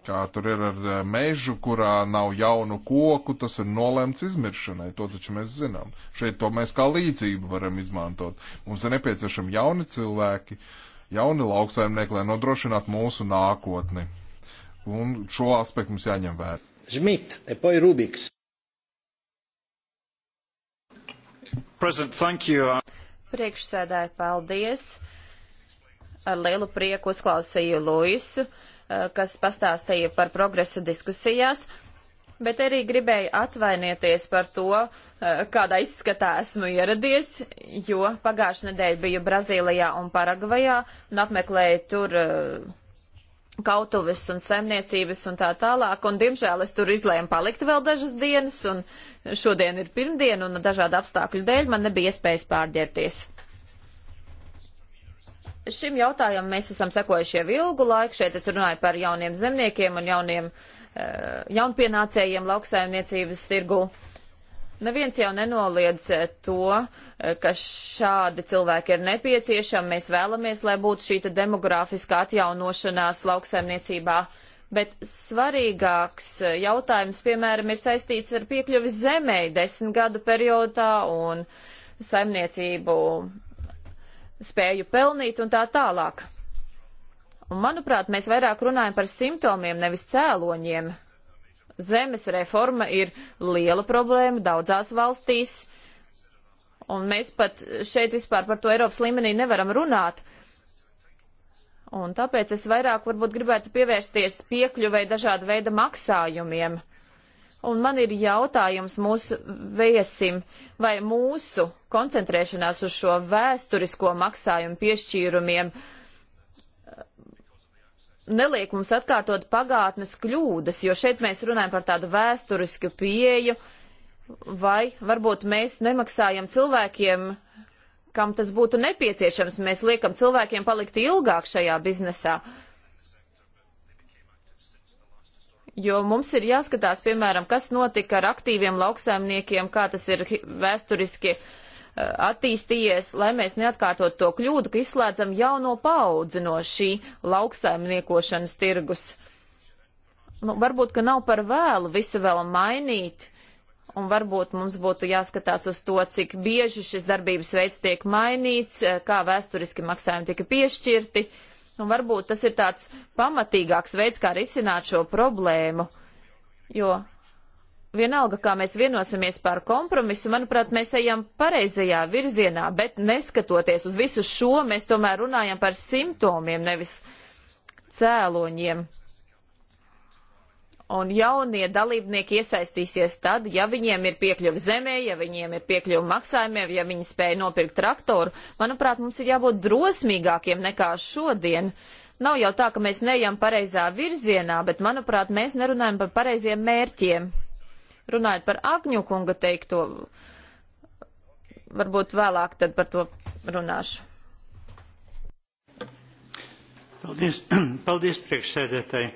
kā tur ir ar eh, mežu, kurā nav jaunu koku, tas ir nolemts izmiršanai. To taču mēs zinām. Šeit to mēs kā līdzību varam izmantot. Mums ir nepieciešami jauni cilvēki, uh, jauni lauksaimnieki, lai nodrošinātu mūsu nākotni. Un šo aspektu mums jāņem vērā. Žmit, epoj Rubiks. President, thank you. Priekšsēdāji, paldies. Ar lielu prieku uzklausīju Luisu, eh, kas pastāstīja par progresu diskusijās bet arī gribēju atvainoties par to, eh, kādā izskatā esmu ieradies, jo pagājušajā nedēļā biju Brazīlijā un Paragvajā un apmeklēju tur eh, kautuves un saimniecības un tā tālāk, un diemžēl es tur izlēmu palikt vēl dažas dienas, un šodien ir pirmdiena, un dažādu apstākļu dēļ man nebija iespējas pārģērties. Šim jautājumam mēs esam sekojuši jau ilgu laiku, šeit es runāju par jauniem zemniekiem un jauniem uh, Eh, jaunpienācējiem lauksaimniecības tirgu. Neviens jau nenoliedz eh, to, eh, ka šādi cilvēki ir nepieciešami. Mēs vēlamies, lai būtu šī demografiskā atjaunošanās lauksaimniecībā. Bet svarīgāks jautājums, piemēram, ir saistīts ar piekļuvi zemē desmit gadu periodā un saimniecību spēju pelnīt un tā tālāk. Un, manuprāt, mēs vairāk runājam par simptomiem, nevis cēloņiem. Zemes reforma ir liela problēma daudzās valstīs, un mēs pat šeit vispār par to Eiropas līmenī nevaram runāt. Un tāpēc es vairāk varbūt gribētu pievērsties piekļuvai dažāda veida maksājumiem. Un man ir jautājums mūsu viesim, vai mūsu koncentrēšanās uz šo vēsturisko maksājumu piešķīrumiem uh, neliek mums atkārtot pagātnes kļūdas, jo šeit mēs runājam par tādu vēsturisku pieju, vai varbūt mēs nemaksājam cilvēkiem, kam tas būtu nepieciešams, mēs liekam cilvēkiem palikt ilgāk šajā biznesā. Jo mums ir jāskatās, piemēram, kas notika ar aktīviem lauksaimniekiem, kā tas ir vēsturiski uh, Eh, attīstījies, lai mēs neatkārtot to kļūdu, ka izslēdzam jauno paudzi no šī lauksaimniekošanas tirgus. Nu, varbūt, ka nav par vēlu visu vēl mainīt, un varbūt mums būtu jāskatās uz to, cik bieži šis darbības veids tiek mainīts, eh, kā vēsturiski maksājumi tika piešķirti, un nu, varbūt tas ir tāds pamatīgāks veids, kā risināt šo problēmu, jo vienalga, kā mēs vienosimies par kompromisu, manuprāt, mēs ejam pareizajā virzienā, bet neskatoties uz visu šo, mēs tomēr runājam par simptomiem, nevis cēloņiem. Un jaunie dalībnieki iesaistīsies tad, ja viņiem ir piekļuva zemē, ja viņiem ir piekļuva maksājumiem, ja viņi spēja nopirkt traktoru. Manuprāt, mums ir jābūt drosmīgākiem nekā šodien. Nav jau tā, ka mēs neejam pareizā virzienā, bet, manuprāt, mēs nerunājam par pareiziem mērķiem. Runājot par Agņukunga teikto, varbūt vēlāk tad par to runāšu. Paldies, paldies priekšsēdētāji.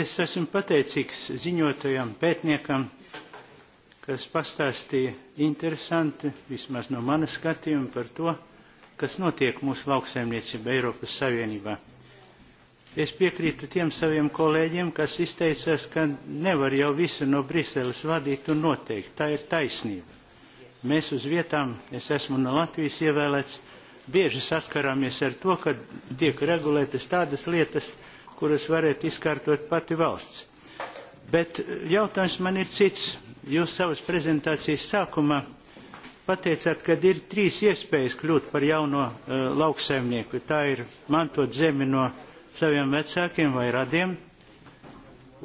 Es esmu pateicīgs ziņotajam pētniekam, kas pastāstīja interesanti, vismaz no manas skatījuma, par to, kas notiek mūsu lauksaimniecība Eiropas Savienībā. Es piekrītu tiem saviem kolēģiem, kas izteicās, ka nevar jau visu no Briseles vadīt un noteikt. Tā ir taisnība. Mēs uz vietām, es esmu no Latvijas ievēlēts, bieži saskarāmies ar to, ka tiek regulētas tādas lietas, kuras varētu izkārtot pati valsts. Bet jautājums man ir cits. Jūs savas prezentācijas sākumā pateicāt, ka ir trīs iespējas kļūt par jauno uh, lauksaimnieku. Tā ir mantot zemi no uh, saviem vecākiem vai radiem.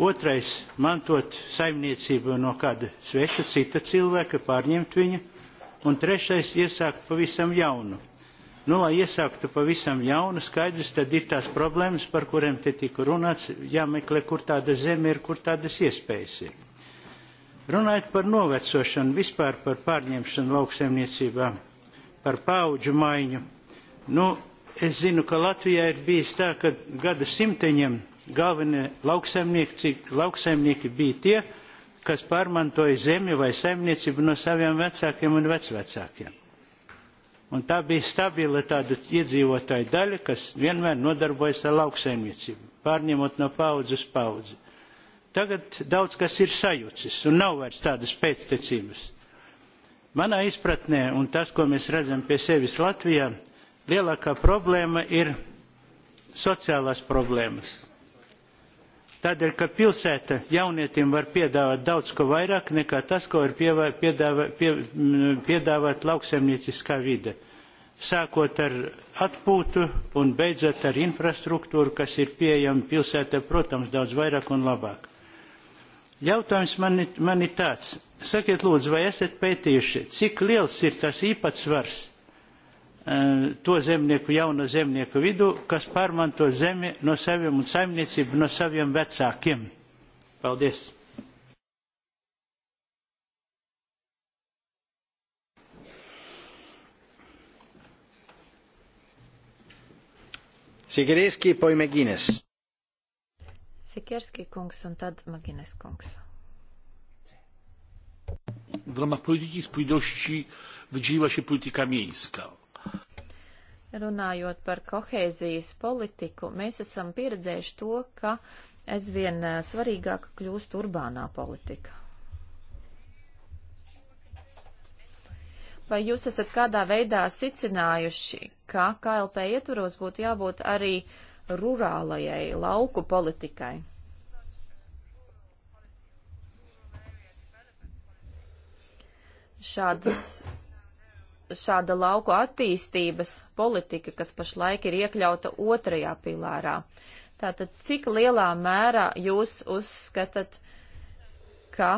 Otrais - mantot saimniecību no kāda sveša cita cilvēka, pārņemt viņu. Un trešais - iesākt pavisam jaunu. Nu, lai iesāktu pavisam jaunu, skaidrs, tad ir tās problēmas, par kurām te tika runāts, jāmeklē, kur tāda zeme ir, kur tādas iespējas ir. Runājot par novecošanu, vispār par pārņemšanu lauksaimniecībā, par paudžu maiņu, nu, Es zinu, ka Latvijā ir bijis tā, ka gadu simteņiem galvenie lauksaimnieki bija tie, kas pārmantoja zemi vai saimniecību no saviem vecākiem un vecvecākiem. Un tā bija stabila tāda iedzīvotāja daļa, kas vienmēr nodarbojas ar lauksaimniecību, pārņemot no paudzes paudzi. Tagad daudz kas ir sajucis un nav vairs tādas pēctecības. Manā izpratnē un tas, ko mēs redzam pie sevis Latvijā, lielākā problēma ir sociālās problēmas. Tādēļ, ka pilsēta jaunietim var piedāvāt daudz ko vairāk nekā tas, ko var pievā, piedāvā, pie, piedāvāt lauksemnieciskā vide. Sākot ar atpūtu un beidzot ar infrastruktūru, kas ir pieejama pilsētā, protams, daudz vairāk un labāk. Jautājums man, man ir tāds. Sakiet, lūdzu, vai esat pētījuši, cik liels ir tas īpatsvars E, to zemnieku, jauno zemnieku vidū, kas pārmanto zemi no saviem un saimniecību no saviem vecākiem. Paldies! Sikerski, poi Megines. Sikerski kungs un tad Magines kungs. W ramach polityki spójności wydzieliła się polityka miejska Runājot par kohēzijas politiku, mēs esam pieredzējuši to, ka aizvien eh, svarīgāk kļūst urbānā politika. Vai jūs esat kādā veidā sicinājuši, ka KLP ietvaros būtu jābūt arī rurālajai lauku politikai? Šādas šāda lauku attīstības politika, kas pašlaik ir iekļauta otrajā pilārā. Tātad, cik lielā mērā jūs uzskatat, ka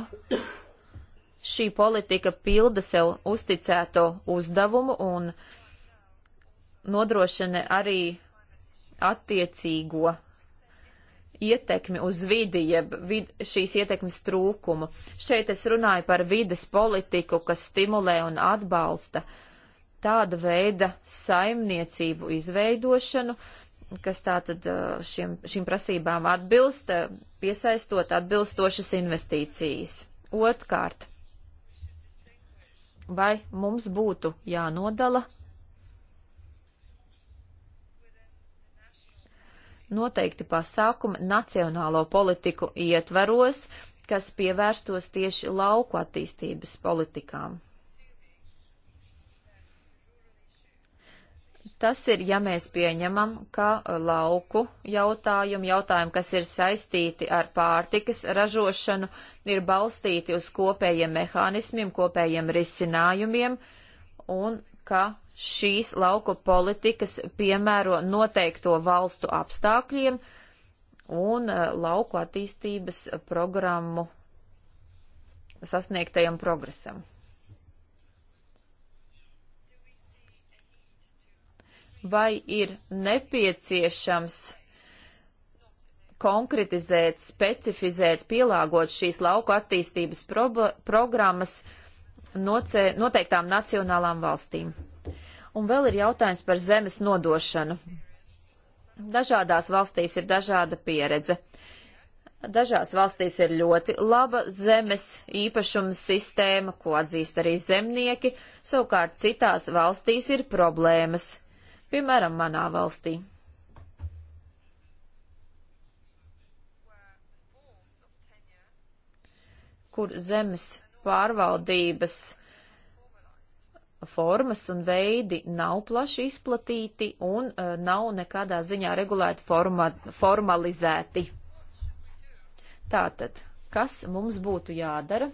šī politika pilda sev uzticēto uzdevumu un nodrošina arī attiecīgo ietekmi uz vidi, jeb vid, šīs ietekmes trūkumu. Šeit es runāju par vides politiku, kas stimulē un atbalsta uh, tāda veida saimniecību izveidošanu, kas tātad uh, šiem, šīm prasībām atbilst, uh, piesaistot atbilstošas investīcijas. Otkārt, vai mums būtu jānodala noteikti pasākumi nacionālo politiku ietvaros, kas pievērstos tieši lauku attīstības politikām? Tas ir, ja mēs pieņemam, ka uh, lauku jautājumi, jautājumi, kas ir saistīti ar pārtikas ražošanu, ir balstīti uz kopējiem mehānismiem, kopējiem risinājumiem, un ka šīs lauku politikas piemēro noteikto valstu apstākļiem un uh, lauku attīstības programmu sasniegtajam progresam. vai ir nepieciešams konkretizēt, specifizēt, pielāgot šīs lauku attīstības programmas noteiktām nacionālām valstīm. Un vēl ir jautājums par zemes nodošanu. Dažādās valstīs ir dažāda pieredze. Dažās valstīs ir ļoti laba zemes īpašuma sistēma, ko atzīst arī zemnieki, savukārt citās valstīs ir problēmas piemēram, manā valstī. kur zemes pārvaldības formas un veidi nav plaši izplatīti un uh, nav nekādā ziņā regulēti forma, formalizēti. Tātad, kas mums būtu jādara,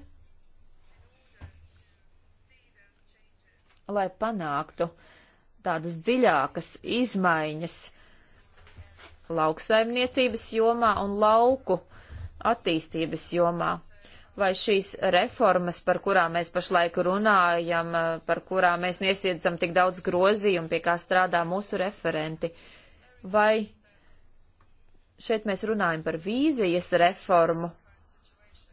lai panāktu uh, tādas dziļākas izmaiņas lauksaimniecības jomā un lauku attīstības jomā. Vai šīs reformas, par kurām mēs pašlaik runājam, par kurām mēs niesiedzam tik daudz grozījumu, pie kā strādā mūsu referenti, vai šeit mēs runājam par vīzijas reformu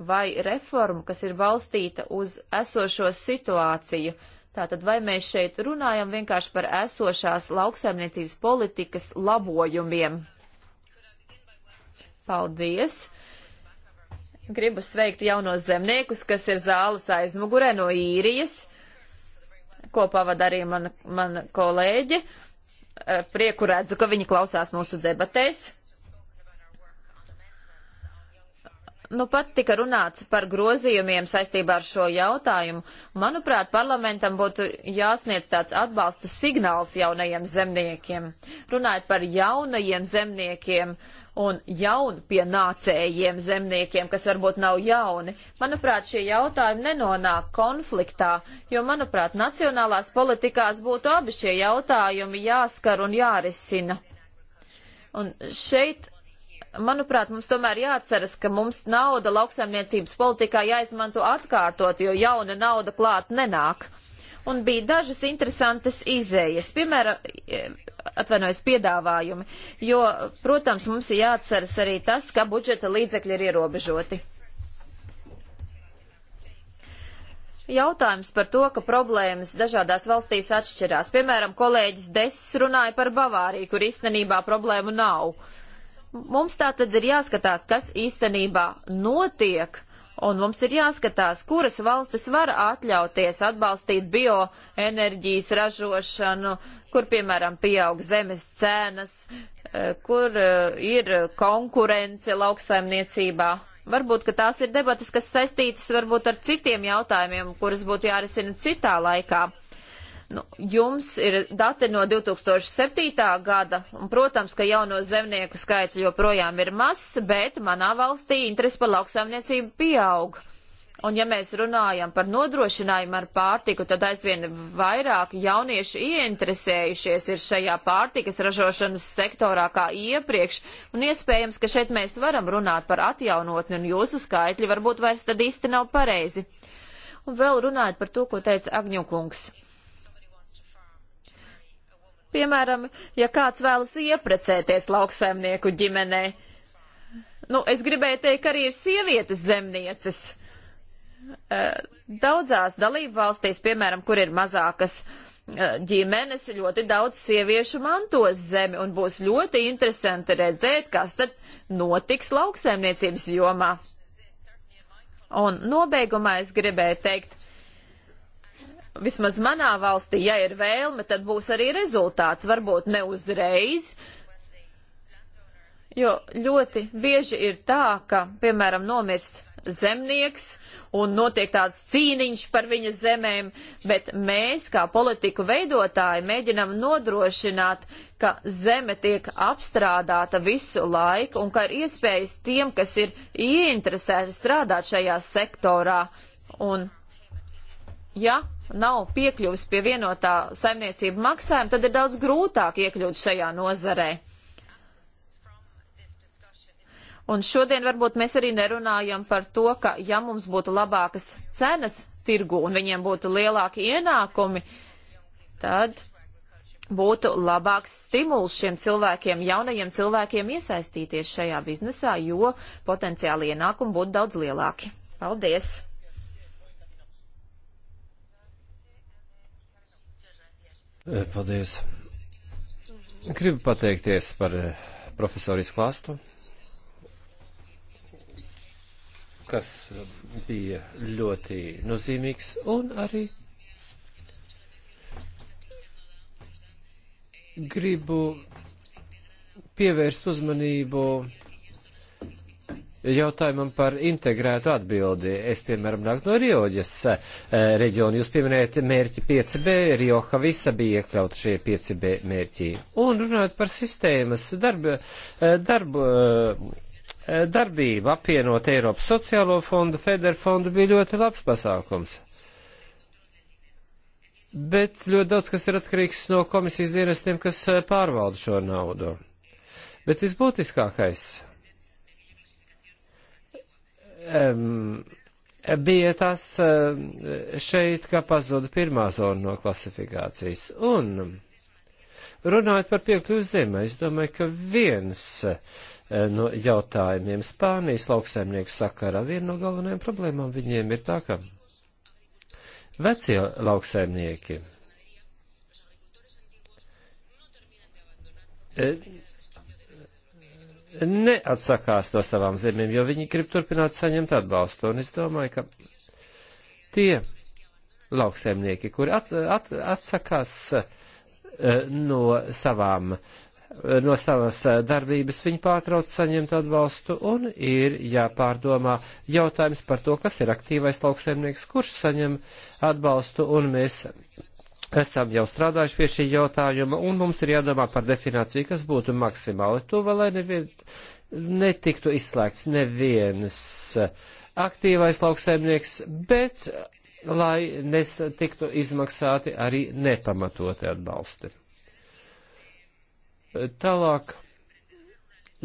vai reformu, kas ir balstīta uz esošo situāciju, Tātad vai mēs šeit runājam vienkārši par esošās lauksaimniecības politikas labojumiem? Paldies! Gribu sveikt jaunos zemniekus, kas ir zāles aizmugurē no īrijas, ko pavada arī mana, mana kolēģe. Prieku redzu, ka viņi klausās mūsu debatēs. Nu, pat tika runāts par grozījumiem saistībā ar šo jautājumu. Manuprāt, parlamentam būtu jāsniedz tāds atbalsta signāls jaunajiem zemniekiem. Runājot par jaunajiem zemniekiem un jaunpienācējiem zemniekiem, kas varbūt nav jauni, manuprāt, šie jautājumi nenonāk konfliktā, jo, manuprāt, nacionālās politikās būtu abi šie jautājumi jāskar un jārisina. Un šeit manuprāt, mums tomēr jāatceras, ka mums nauda lauksaimniecības politikā jāizmanto atkārtot, jo jauna nauda klāt nenāk. Un bija dažas interesantas izējas, piemēram, atvainojas piedāvājumi, jo, protams, mums ir jāatceras arī tas, ka budžeta līdzekļi ir ierobežoti. Jautājums par to, ka problēmas dažādās valstīs atšķirās. Piemēram, kolēģis Dess runāja par Bavāriju, kur īstenībā problēmu nav. Uh, Mums tā tad ir jāskatās, kas īstenībā notiek, un mums ir jāskatās, kuras valstis var atļauties atbalstīt bioenerģijas ražošanu, kur, piemēram, pieaug zemes cenas, eh, kur eh, ir konkurence lauksaimniecībā. Varbūt, ka tās ir debatas, kas saistītas varbūt ar citiem jautājumiem, kuras būtu jārisina citā laikā. Nu, jums ir dati no 2007. gada, un, protams, ka jauno zemnieku skaits joprojām ir mazs, bet manā valstī interesi par lauksaimniecību pieaug. Un ja mēs runājam par nodrošinājumu ar pārtiku, tad aizvien vairāk jaunieši ieinteresējušies ir šajā pārtikas ražošanas sektorā kā iepriekš, un iespējams, ka šeit mēs varam runāt par atjaunotni, un jūsu skaitļi varbūt vairs tad īsti nav pareizi. Un vēl runājot par to, ko teica Agņukungs piemēram, ja kāds vēlas ieprecēties lauksaimnieku ģimenē, nu, es gribēju teikt, arī ir sievietes zemnieces. Eh, daudzās dalību valstīs, piemēram, kur ir mazākas eh, ģimenes, ļoti daudz sieviešu mantos zemi un būs ļoti interesanti redzēt, kas tad notiks lauksaimniecības jomā. Un nobeigumā es gribēju teikt, vismaz manā valstī, ja ir vēlme, tad būs arī rezultāts, varbūt ne uzreiz. Jo ļoti bieži ir tā, ka, piemēram, nomirst zemnieks un notiek tāds cīniņš par viņa zemēm, bet mēs, kā politiku veidotāji, mēģinam nodrošināt, ka zeme tiek apstrādāta visu laiku un ka ir iespējas tiem, kas ir ieinteresēti strādāt šajā sektorā. Un, ja nav piekļuvis pie vienotā saimniecība maksājuma, tad ir daudz grūtāk iekļūt šajā nozarē. Un šodien varbūt mēs arī nerunājam par to, ka ja mums būtu labākas cenas tirgu un viņiem būtu lielāki ienākumi, tad būtu labāks stimuls šiem cilvēkiem, jaunajiem cilvēkiem iesaistīties šajā biznesā, jo potenciāli ienākumi būtu daudz lielāki. Paldies! Eh, paldies. Gribu pateikties par eh, profesoru izklāstu, kas bija ļoti nozīmīgs un arī gribu pievērst uzmanību jautājumam par integrētu atbildi. Es, piemēram, nāku no Rioģas e, eh, reģiona. Jūs pieminējat mērķi 5B, Rioha visa bija iekļauta šie 5B mērķī. Un runājot par sistēmas darba, eh, darbu, eh, darbību, apvienot Eiropas sociālo fondu, Federfondu bija ļoti labs pasākums. Bet ļoti daudz kas ir atkarīgs no komisijas dienestiem, kas pārvalda šo naudu. Bet visbūtiskākais um, bija tas šeit, ka pazuda pirmā zona no klasifikācijas. Un runājot par piekļuvu zemē, es domāju, ka viens no jautājumiem Spānijas lauksaimnieku sakarā, viena no galvenajām problēmām viņiem ir tā, ka vecie lauksaimnieki. E, neatsakās no savām zemēm, jo viņi grib turpināt saņemt atbalstu. Un es domāju, ka tie lauksaimnieki, kuri at, at, atsakās eh, no savām eh, no savas eh, darbības viņi pārtrauc saņemt atbalstu un ir jāpārdomā jautājums par to, kas ir aktīvais lauksaimnieks, kurš saņem atbalstu un mēs esam jau strādājuši pie šī jautājuma, un mums ir jādomā par definīciju, kas būtu maksimāli tuva, lai nevien, netiktu izslēgts neviens aktīvais lauksaimnieks, bet lai netiktu izmaksāti arī nepamatoti atbalsti. Tālāk.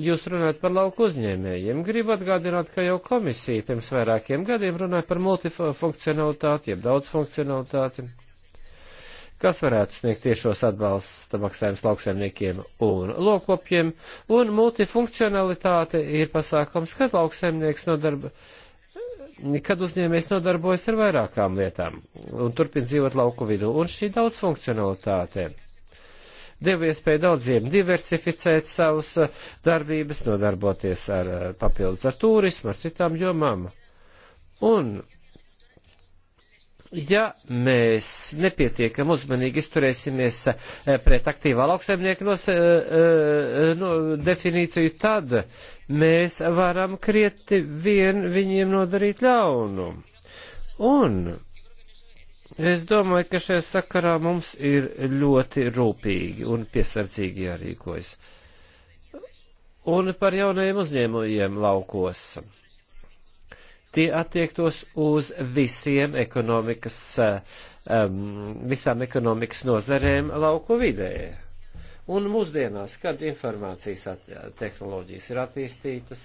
Jūs runājat par lauku uzņēmējiem. Gribu atgādināt, ka jau komisija pirms vairākiem gadiem runāja par multifunkcionalitāti, jeb daudzfunkcionalitāti. funkcionalitāti kas varētu sniegt tiešos atbalsta maksājumus lauksaimniekiem un lokopiem, un multifunkcionalitāte ir pasākums, kad lauksaimnieks nodarba, kad uzņēmējs nodarbojas ar vairākām lietām un turpin dzīvot lauku vidū, un šī daudzfunkcionalitāte deva iespēju daudziem diversificēt savus uh, darbības, nodarboties ar uh, papildus ar turismu, ar citām jomām. Un ja mēs nepietiekam uzmanīgi izturēsimies eh, pret aktīvā lauksaimnieka nos, eh, eh, no, definīciju, tad mēs varam krieti vien viņiem nodarīt ļaunu. Un es domāju, ka šajā sakarā mums ir ļoti rūpīgi un piesardzīgi jārīkojas. Un par jaunajiem uzņēmumiem laukos tie attiektos uz visiem ekonomikas, um, visām ekonomikas nozarēm lauku vidē. Un mūsdienās, kad informācijas tehnoloģijas ir attīstītas,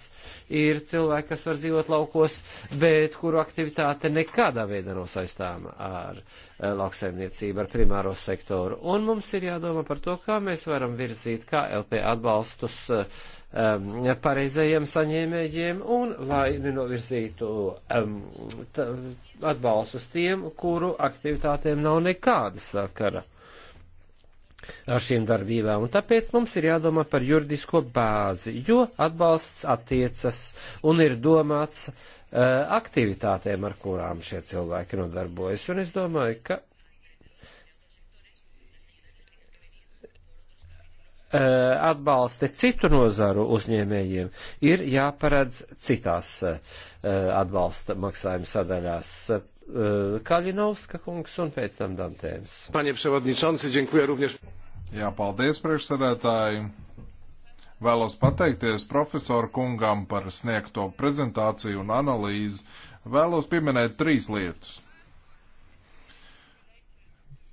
ir cilvēki, kas var dzīvot laukos, bet kuru aktivitāte nekādā veidā nav saistāma ar eh, lauksaimniecību, ar primāro sektoru. Un mums ir jādomā par to, kā mēs varam virzīt KLP atbalstus um, pareizajiem saņēmējiem un lai nenovirzītu um, atbalstus tiem, kuru aktivitātēm nav nekāda sakara ar šīm darbībām, un tāpēc mums ir jādomā par juridisko bāzi, jo atbalsts attiecas un ir domāts uh, aktivitātēm, ar kurām šie cilvēki nodarbojas, un es domāju, ka eh, atbalsti citu nozaru uzņēmējiem ir jāparedz citās eh, atbalsta maksājuma sadaļās. Eh, Kaļinovska kungs un pēc tam Dantēns. Paņem Ševadničansi, dziękuję również. Jā, paldies priekšsēdētāji. Vēlos pateikties profesoru kungam par sniegto prezentāciju un analīzi. Vēlos pieminēt trīs lietas.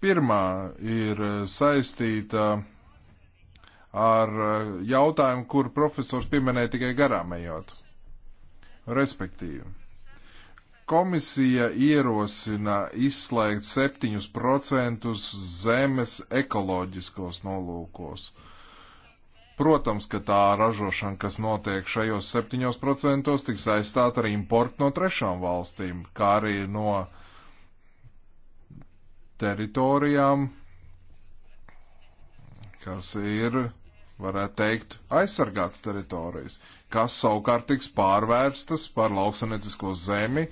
Pirmā ir saistīta ar jautājumu, kur profesors pieminēja tikai garām ejot. Respektīvi Komisija ierosina izslēgt 7% zemes ekoloģiskos nolūkos. Protams, ka tā ražošana, kas notiek šajos 7%, tiks aizstāta ar importu no trešām valstīm, kā arī no teritorijām, kas ir, varētu teikt, aizsargāts teritorijas. Uh, kas savukārt tiks pārvērstas par lauksanecisko zemi,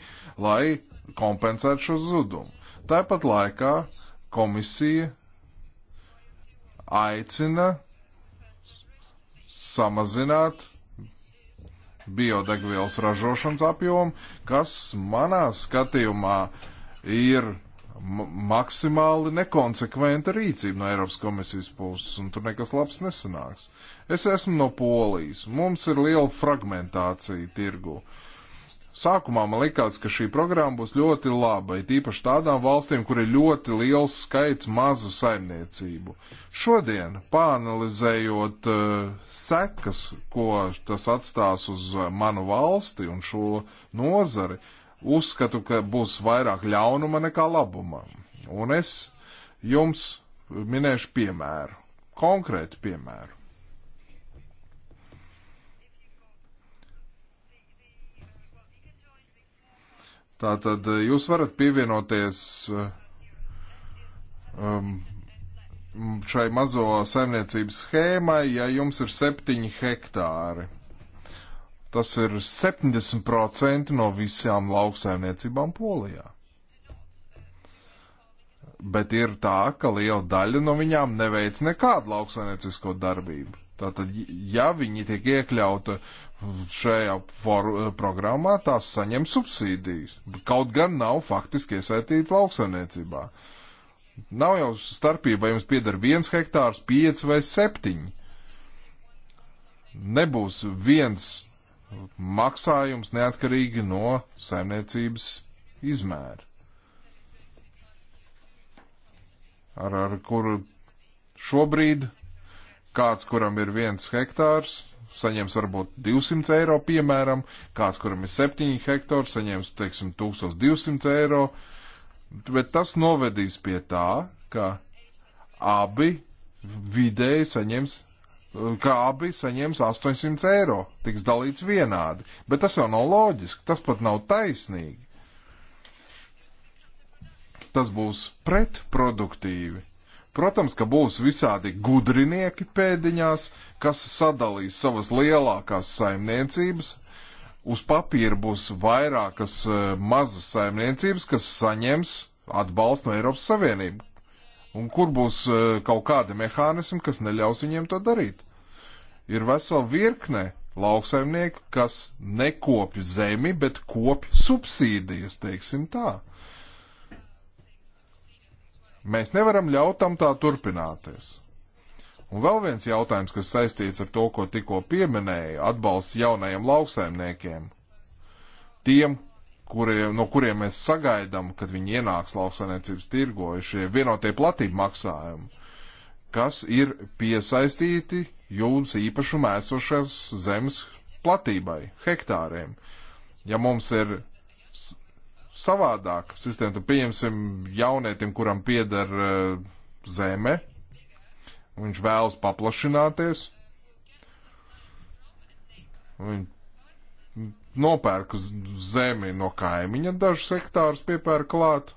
lai kompensētu šo zudumu. Tāpat laikā komisija aicina samazināt biodegvielas ražošanas apjomu, kas manā skatījumā ir maksimāli nekonsekventa rīcība no Eiropas komisijas puses, un tur nekas labs nesanāks. Es esmu no Polijas. Mums ir liela fragmentācija tirgu. Sākumā man likās, ka šī programma būs ļoti laba, it īpaši tādām valstīm, kur ir ļoti liels skaits mazu saimniecību. Šodien, pāanalizējot uh, eh, sekas, ko tas atstās uz eh, manu valsti un šo nozari, uh, uzskatu, ka būs vairāk ļaunuma nekā labuma. Un es jums minēšu piemēru, konkrētu piemēru. Tātad eh, jūs varat pievienoties eh, um, šai mazo saimniecības schēmai, ja jums ir septiņi hektāri. Tas ir 70% no visām lauksaimniecībām Polijā. Bet ir tā, ka liela daļa no viņām neveic nekādu lauksaimniecisko darbību. Tātad, ja viņi tiek iekļauti šajā programmā, tās saņem subsīdijas. Kaut gan nav faktiski iesaistīti lauksaimniecībā. Nav jau starpība, vai jums pieder viens hektārs, pieci vai septiņi. Nebūs viens maksājums neatkarīgi no saimniecības izmēra, ar, ar kuru šobrīd kāds, kuram ir viens hektārs, saņems varbūt 200 eiro, piemēram, kāds, kuram ir 7 hektāri, saņems, teiksim, 1200 eiro, bet tas novedīs pie tā, ka abi vidēji saņems ka abi saņems 800 eiro, tiks dalīts vienādi. Bet tas jau nav loģiski, tas pat nav taisnīgi. Tas būs pretproduktīvi. Protams, ka būs visādi gudrinieki pēdiņās, kas sadalīs savas lielākās saimniecības. Uz papīra būs vairākas eh, mazas saimniecības, kas saņems atbalstu no Eiropas Savienības. Un kur būs e, kaut kādi mehānismi, kas neļaus viņiem to darīt? Ir vesela virkne lauksaimnieku, kas nekopj zemi, bet kopj subsīdijas, teiksim tā. Mēs nevaram ļaut tam tā turpināties. Un vēl viens jautājums, kas saistīts ar to, ko tikko pieminēju, atbalsts jaunajiem lauksaimniekiem. Tiem, kuriem, no kuriem mēs sagaidām, kad viņi ienāks lauksainiecības tirgo, ir šie vienotie platība maksājumi, kas ir piesaistīti jūdas īpašumā esošās zemes platībai, hektāriem. Ja mums ir savādāk sistēma, tad pieņemsim jaunietim, kuram pieder uh, zeme, viņš vēlas paplašināties, Viņi nopērk zemi no kaimiņa, dažus hektārus piepērk klāt.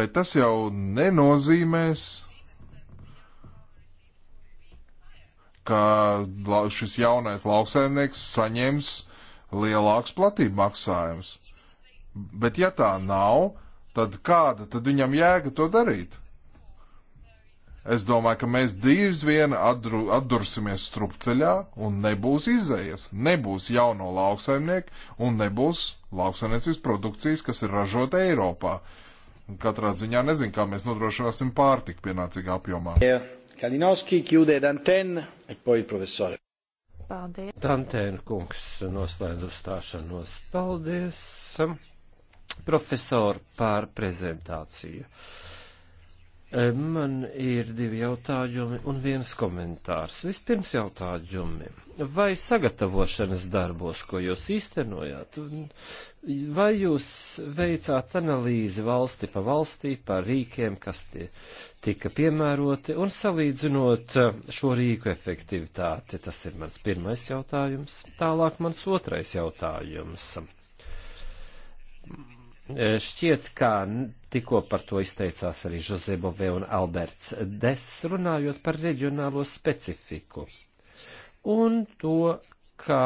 Bet tas jau nenozīmēs, ka šis jaunais lauksaimnieks saņems lielāks platību maksājums. Bet ja tā nav, tad kāda tad viņam jēga to darīt? Es domāju, ka mēs drīz vien atdru, atdursimies strupceļā un nebūs izējas. Nebūs jauno lauksaimnieku un nebūs lauksaimniecības produkcijas, kas ir ražota Eiropā. Katrā ziņā nezinu, kā mēs nodrošināsim pārtiku pienācīgā apjomā. Yeah. Kalinowski, chiude Danten e poi il professore. Paldies. Dantēna kungs noslēdz uzstāšanos. Paldies, profesori, par prezentāciju. Man ir divi jautājumi un viens komentārs. Vispirms jautājumi. Vai sagatavošanas darbos, ko jūs īstenojāt, vai jūs veicāt analīzi valsti pa valstī par rīkiem, kas tie tika piemēroti, un salīdzinot šo rīku efektivitāti? Tas ir mans pirmais jautājums. Tālāk mans otrais jautājums E, šķiet, kā tikko par to izteicās arī Žozebove un Alberts Des, runājot par reģionālo specifiku un to, kā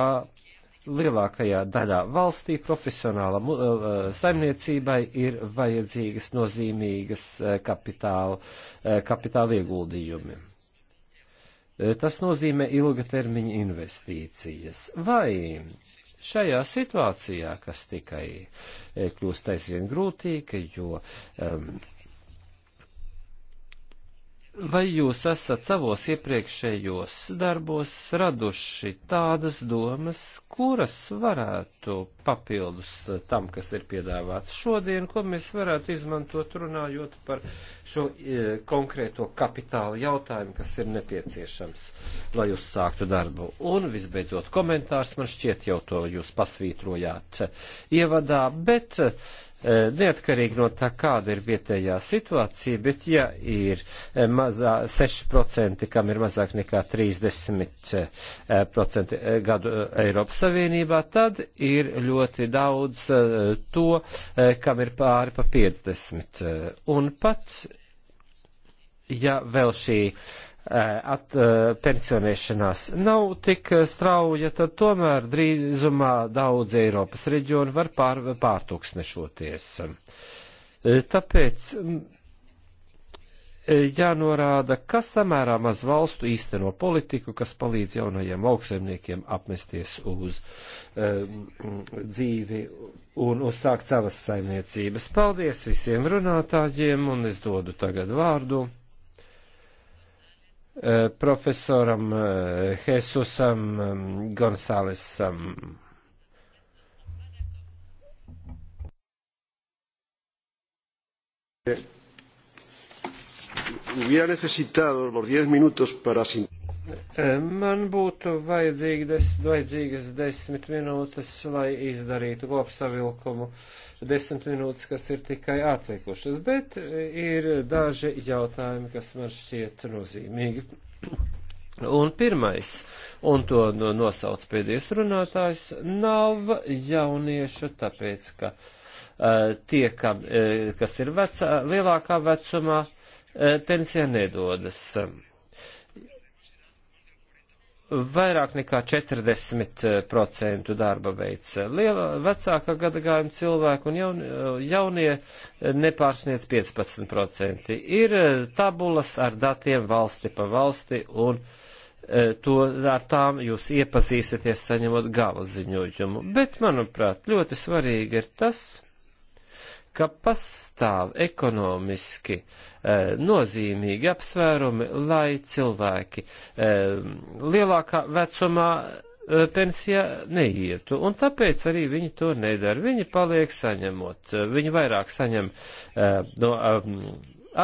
lielākajā daļā valstī profesionāla uh, saimniecībai ir vajadzīgas nozīmīgas uh, kapitāla, uh, kapitāla ieguldījumi. Tas nozīmē ilgatermiņa investīcijas. Vai Šajā situācijā, kas tikai eh, kļūst aizvien grūtīga, jo um, Vai jūs esat savos iepriekšējos darbos raduši tādas domas, kuras varētu papildus tam, kas ir piedāvāts šodien, ko mēs varētu izmantot runājot par šo e, konkrēto kapitāla jautājumu, kas ir nepieciešams, lai uzsāktu darbu? Un visbeidzot komentārs, man šķiet jau to jūs pasvītrojāt ievadā, bet Eh, neatkarīgi no tā, kāda ir vietējā situācija, bet ja ir eh, mazā 6%, kam ir mazāk nekā 30% eh, gadu Eiropas Savienībā, tad ir ļoti daudz to, kam ir pāri pa 50. Un pat, ja vēl šī Eh, at, eh, pensionēšanās nav tik strauja, tad tomēr drīzumā daudz Eiropas reģionu var pār, pārtūksnešoties. Eh, tāpēc mm, jānorāda, ka samērā maz valstu īsteno politiku, kas palīdz jaunajiem lauksaimniekiem apmesties uz um, dzīvi un uzsākt savas saimniecības. Paldies visiem runātājiem, un es dodu tagad vārdu Eh, profesorom eh, Jesusam mm, Gonzalesam. Hubiera necesitado los diez minutos para E, man būtu vajadzīga des, vajadzīgas desmit minūtes, lai izdarītu kopsavilkumu. Desmit minūtes, kas ir tikai atlikušas, bet ir daži jautājumi, kas man šķiet nozīmīgi. Un pirmais, un to nosauc pēdējais runātājs, nav jauniešu, tāpēc, ka uh, tie, kam, uh, kas ir vecā, lielākā vecumā, uh, pensijā nedodas. Uh, vairāk nekā 40% darba veids. Liela, vecākā gadagājuma cilvēku un jaun, jaunie nepārsniec 15%. Ir e, tabulas ar datiem valsti pa valsti un e, to ar tām jūs iepazīsieties saņemot gala ziņojumu. Bet, manuprāt, ļoti svarīgi ir tas, ka pastāv ekonomiski e, nozīmīgi apsvērumi, lai cilvēki e, lielākā vecumā eh, pensijā neietu, un tāpēc arī viņi to nedara. Viņi paliek saņemot, viņi vairāk saņem no um,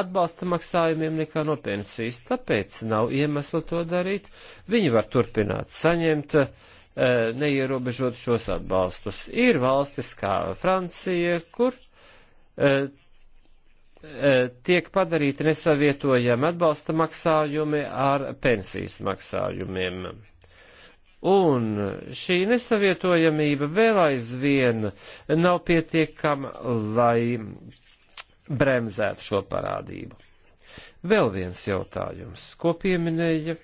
atbalsta maksājumiem nekā no pensijas, tāpēc nav iemesla to darīt. Viņi var turpināt saņemt neierobežot šos atbalstus. Ir valstis kā Francija, kur tiek padarīti nesavietojami atbalsta maksājumi ar pensijas maksājumiem. Un šī nesavietojamība vēl aizvien nav pietiekama, lai bremzētu šo parādību. Vēl viens jautājums, ko pieminēja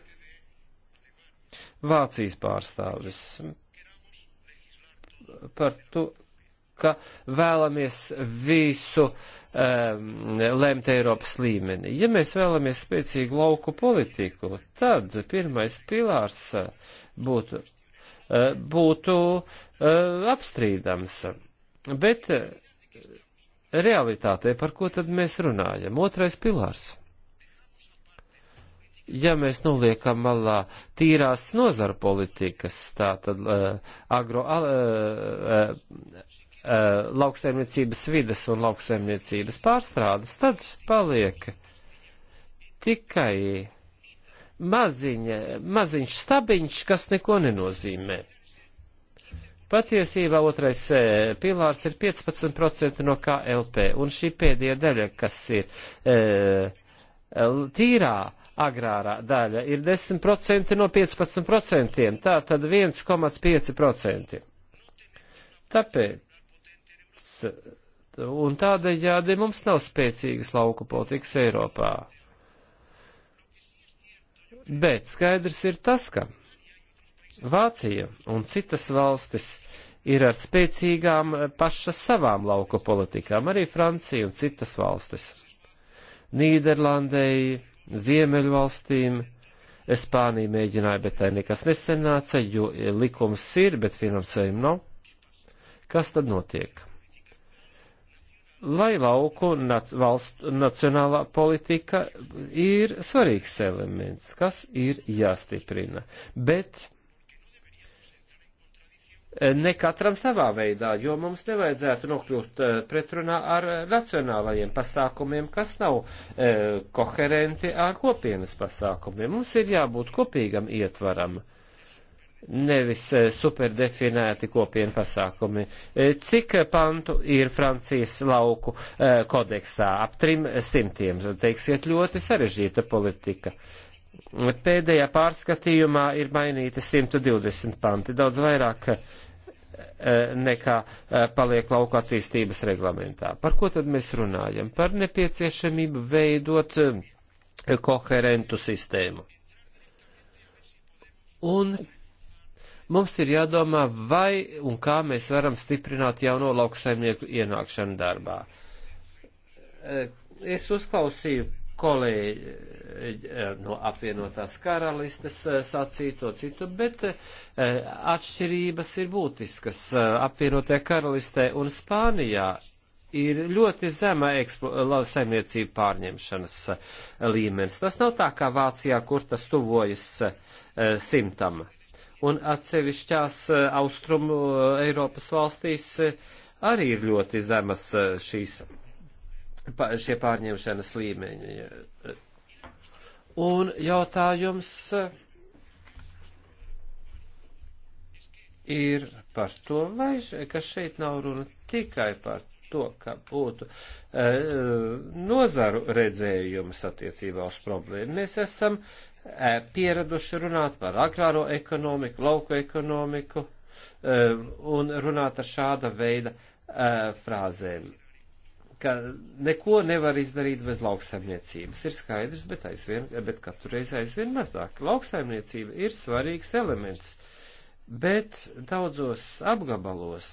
Vācijas pārstāvis par to, ka vēlamies visu um, lemt Eiropas līmenī. Ja mēs vēlamies spēcīgu lauku politiku, tad pirmais pilārs eh, būtu, eh, būtu uh, apstrīdams. Bet realitātei, par ko tad mēs runājam? Otrais pilārs. Ja mēs noliekam malā tīrās nozara politikas, tā tad uh, agro, uh, uh, Uh, lauksaimniecības vides un lauksaimniecības pārstrādes, tad paliek tikai maziņa, maziņš stabiņš, kas neko nenozīmē. Patiesībā otrais eh, pilārs ir 15% no KLP, un šī pēdējā daļa, kas ir e, tīrā agrārā daļa, ir 10% no 15%, tā tad 1,5%. Tāpēc un tādējādi mums nav spēcīgas lauku politikas Eiropā. Bet skaidrs ir tas, ka Vācija un citas valstis ir ar spēcīgām pašas savām lauku politikām, arī Francija un citas valstis. Nīderlandei, Ziemeļvalstīm, Espānija mēģināja, bet tai nekas nesenāca, jo likums ir, bet finansējumu nav. Kas tad notiek? lai lauku nac, valstu nacionālā politika ir svarīgs elements, kas ir jāstiprina. Bet ne katram savā veidā, jo mums nevajadzētu nokļūt eh, pretrunā ar nacionālajiem pasākumiem, kas nav e, koherenti ar kopienas pasākumiem. Mums ir jābūt kopīgam ietvaram. E, nevis eh, superdefinēti kopienu pasākumi. Eh, cik pantu ir Francijas lauku eh, kodeksā? Ap trim simtiem. Teiksiet, ļoti sarežģīta politika. Pēdējā pārskatījumā ir mainīti 120 panti, daudz vairāk nekā paliek lauka attīstības reglamentā. Par ko tad mēs runājam? Par nepieciešamību veidot koherentu sistēmu. Un Mums ir jādomā, vai un kā mēs varam stiprināt jauno lauksaimnieku ienākšanu darbā. Eh, es uzklausīju kolēģi eh, no apvienotās karalistes eh, sacīto citu, bet atšķirības ir būtiskas. Apvienotajā karalistē un Spānijā ir ļoti zema lauksaimniecība pārņemšanas līmenis. Tas nav tā kā Vācijā, kur tas tuvojas simtam un atsevišķās eh, austrumu eh, Eiropas valstīs eh, arī ir ļoti zemas šīs, šie pārņemšanas līmeņi. Un jautājums ir par to, vai, ka šeit nav runa tikai par to, ka būtu e, nozaru redzējums attiecībā uz problēmu. Mēs esam E, pieraduši runāt par agrāro ekonomiku, lauku ekonomiku e, un runāt ar šāda veida e, frāzēm, ka neko nevar izdarīt bez lauksaimniecības. Ir skaidrs, bet, aizvien, bet katru reizi aizvien mazāk. Lauksaimniecība ir svarīgs elements, bet daudzos apgabalos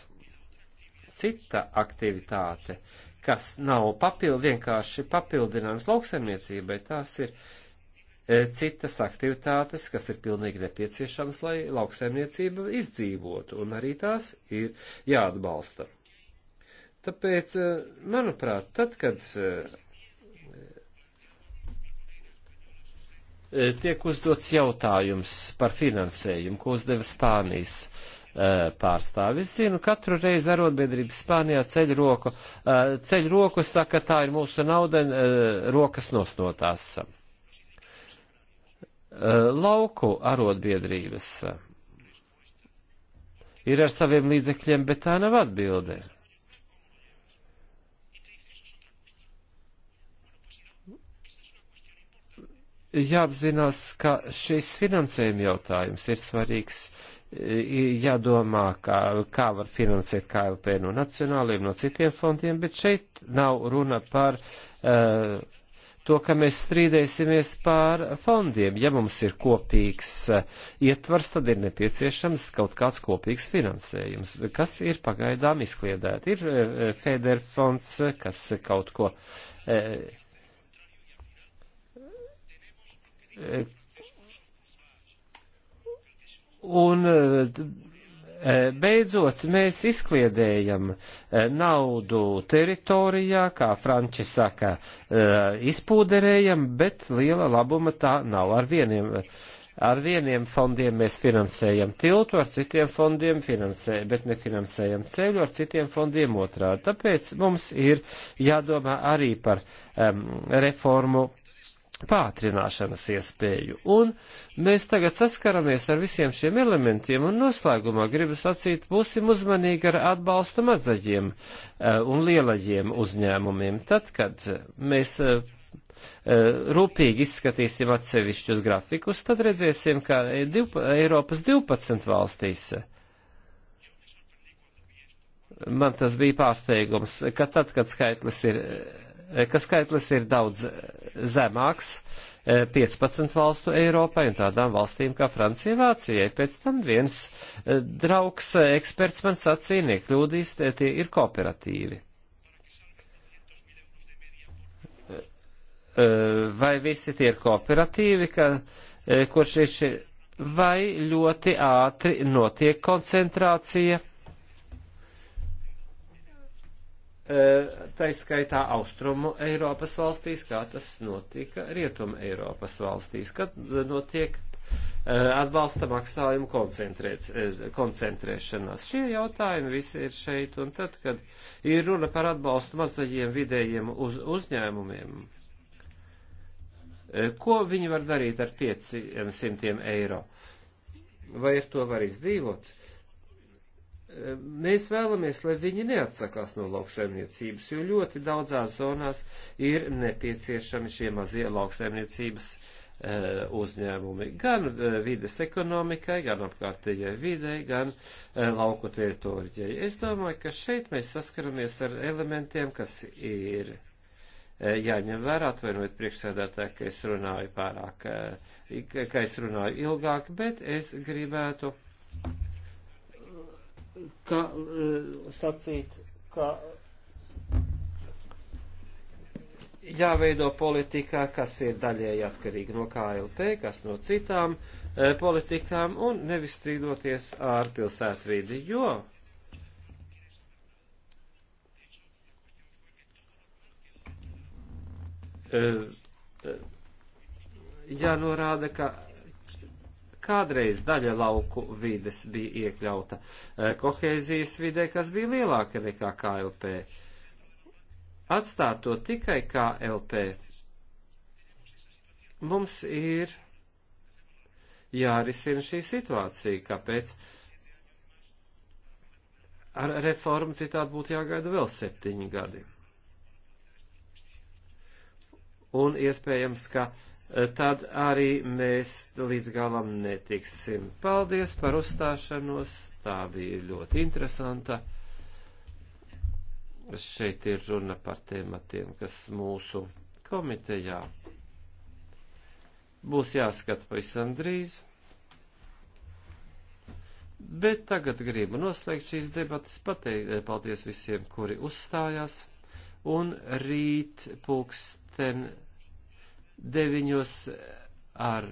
cita aktivitāte, kas nav papildu, vienkārši papildinājums lauksaimniecībai, tās ir uh, E, citas aktivitātes, kas ir pilnīgi nepieciešamas, lai lauksaimniecība izdzīvotu, un arī tās ir jāatbalsta. Tāpēc, e, manuprāt, tad, kad e, tiek uzdots jautājums par finansējumu, ko uzdeva Spānijas pārstāvis. Zinu, katru reizi arotbiedrība Spānijā ceļ roku, ceļ roku, saka, tā ir mūsu nauda, rokas nosnotās. No Eh, lauku arotbiedrības ir ar saviem līdzekļiem, bet tā nav atbilde. Jāapzinās, ka šis finansējuma jautājums ir svarīgs. Jādomā, kā, kā var finansēt KLP no nacionāliem, no citiem fondiem, bet šeit nav runa par uh, to, ka mēs strīdēsimies pār fondiem. Ja mums ir kopīgs eh, ietvars, tad ir nepieciešams kaut kāds kopīgs finansējums, kas ir pagaidām izkliedēt. Ir eh, eh, Feder fonds, kas kaut ko. Un Eh, beidzot, mēs izkliedējam eh, naudu teritorijā, kā Franči saka, eh, izpūderējam, bet liela labuma tā nav. Ar vieniem, ar vieniem fondiem mēs finansējam tiltu, ar citiem fondiem finansējam, bet nefinansējam ceļu, ar citiem fondiem otrādi. Tāpēc mums ir jādomā arī par um, reformu pātrināšanas iespēju. Un mēs tagad saskaramies ar visiem šiem elementiem, un noslēgumā gribu sacīt, būsim uzmanīgi ar atbalstu mazajiem eh, un lielajiem uzņēmumiem. Tad, kad eh, mēs eh, rūpīgi izskatīsim atsevišķus grafikus, tad redzēsim, ka Eiropas 12 valstīs man tas bija pārsteigums, ka tad, kad skaitlis ir ka skaitlis ir daudz eh, zemāks 15 eh, valstu Eiropai un tādām valstīm kā Francija, Vācijai. Pēc tam viens eh, draugs eksperts man sacīja, nekļūdīs, tie ir kooperatīvi. Vai visi tie ir kooperatīvi, ka, kurš ir šie, vai ļoti ātri notiek koncentrācija? taiskaitā austrumu Eiropas valstīs, kā tas notika rietumu Eiropas valstīs, kad e, notiek atbalsta maksājumu koncentrēšanās. Šie jautājumi visi ir šeit, un tad, kad ir runa par atbalstu mazajiem vidējiem uz, uzņēmumiem, ko viņi var darīt ar 500 eiro? Vai ar to var izdzīvot? mēs vēlamies, lai viņi neatsakās no lauksaimniecības, jo ļoti daudzās zonās ir nepieciešami šie mazie lauksaimniecības eh, uzņēmumi gan eh, vides ekonomikai, gan apkārtējai videi, gan eh, lauku teritorijai. Es domāju, ka šeit mēs saskaramies ar elementiem, kas ir jāņem vērā, atvainojiet priekšsēdētāji, ka es runāju pārāk, ka es runāju ilgāk, bet es gribētu ka eh, sacīt, ka jāveido politikā, kas ir daļēji atkarīga no KLP, kas no citām e, politikām un nevis strīdoties ar pilsētvidi, jo e, e, jānorāda, ka Kādreiz daļa lauku vides bija iekļauta eh, kohēzijas vidē, kas bija lielāka nekā KLP. Atstāt to tikai KLP. Mums ir jārisina šī situācija, kāpēc ar reformu citādi būtu jāgaida vēl septiņi gadi. Un iespējams, ka uh, tad arī mēs līdz galam netiksim. Paldies par uzstāšanos, tā bija ļoti interesanta. Šeit ir runa par tēmatiem, kas mūsu komitejā būs jāskata pavisam drīz. Bet tagad gribu noslēgt šīs debatas, pateikt paldies visiem, kuri uzstājās, un rīt pulksten deviņos ar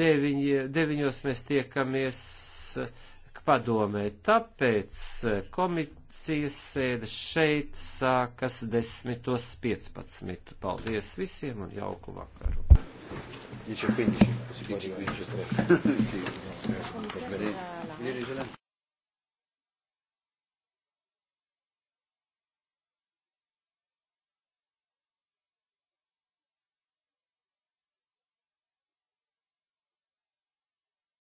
deviņi, deviņos mēs tiekamies padomē. Tāpēc komisijas sēde šeit sākas 10.15. Paldies visiem un jauku vakaru. 10.15. 10.15.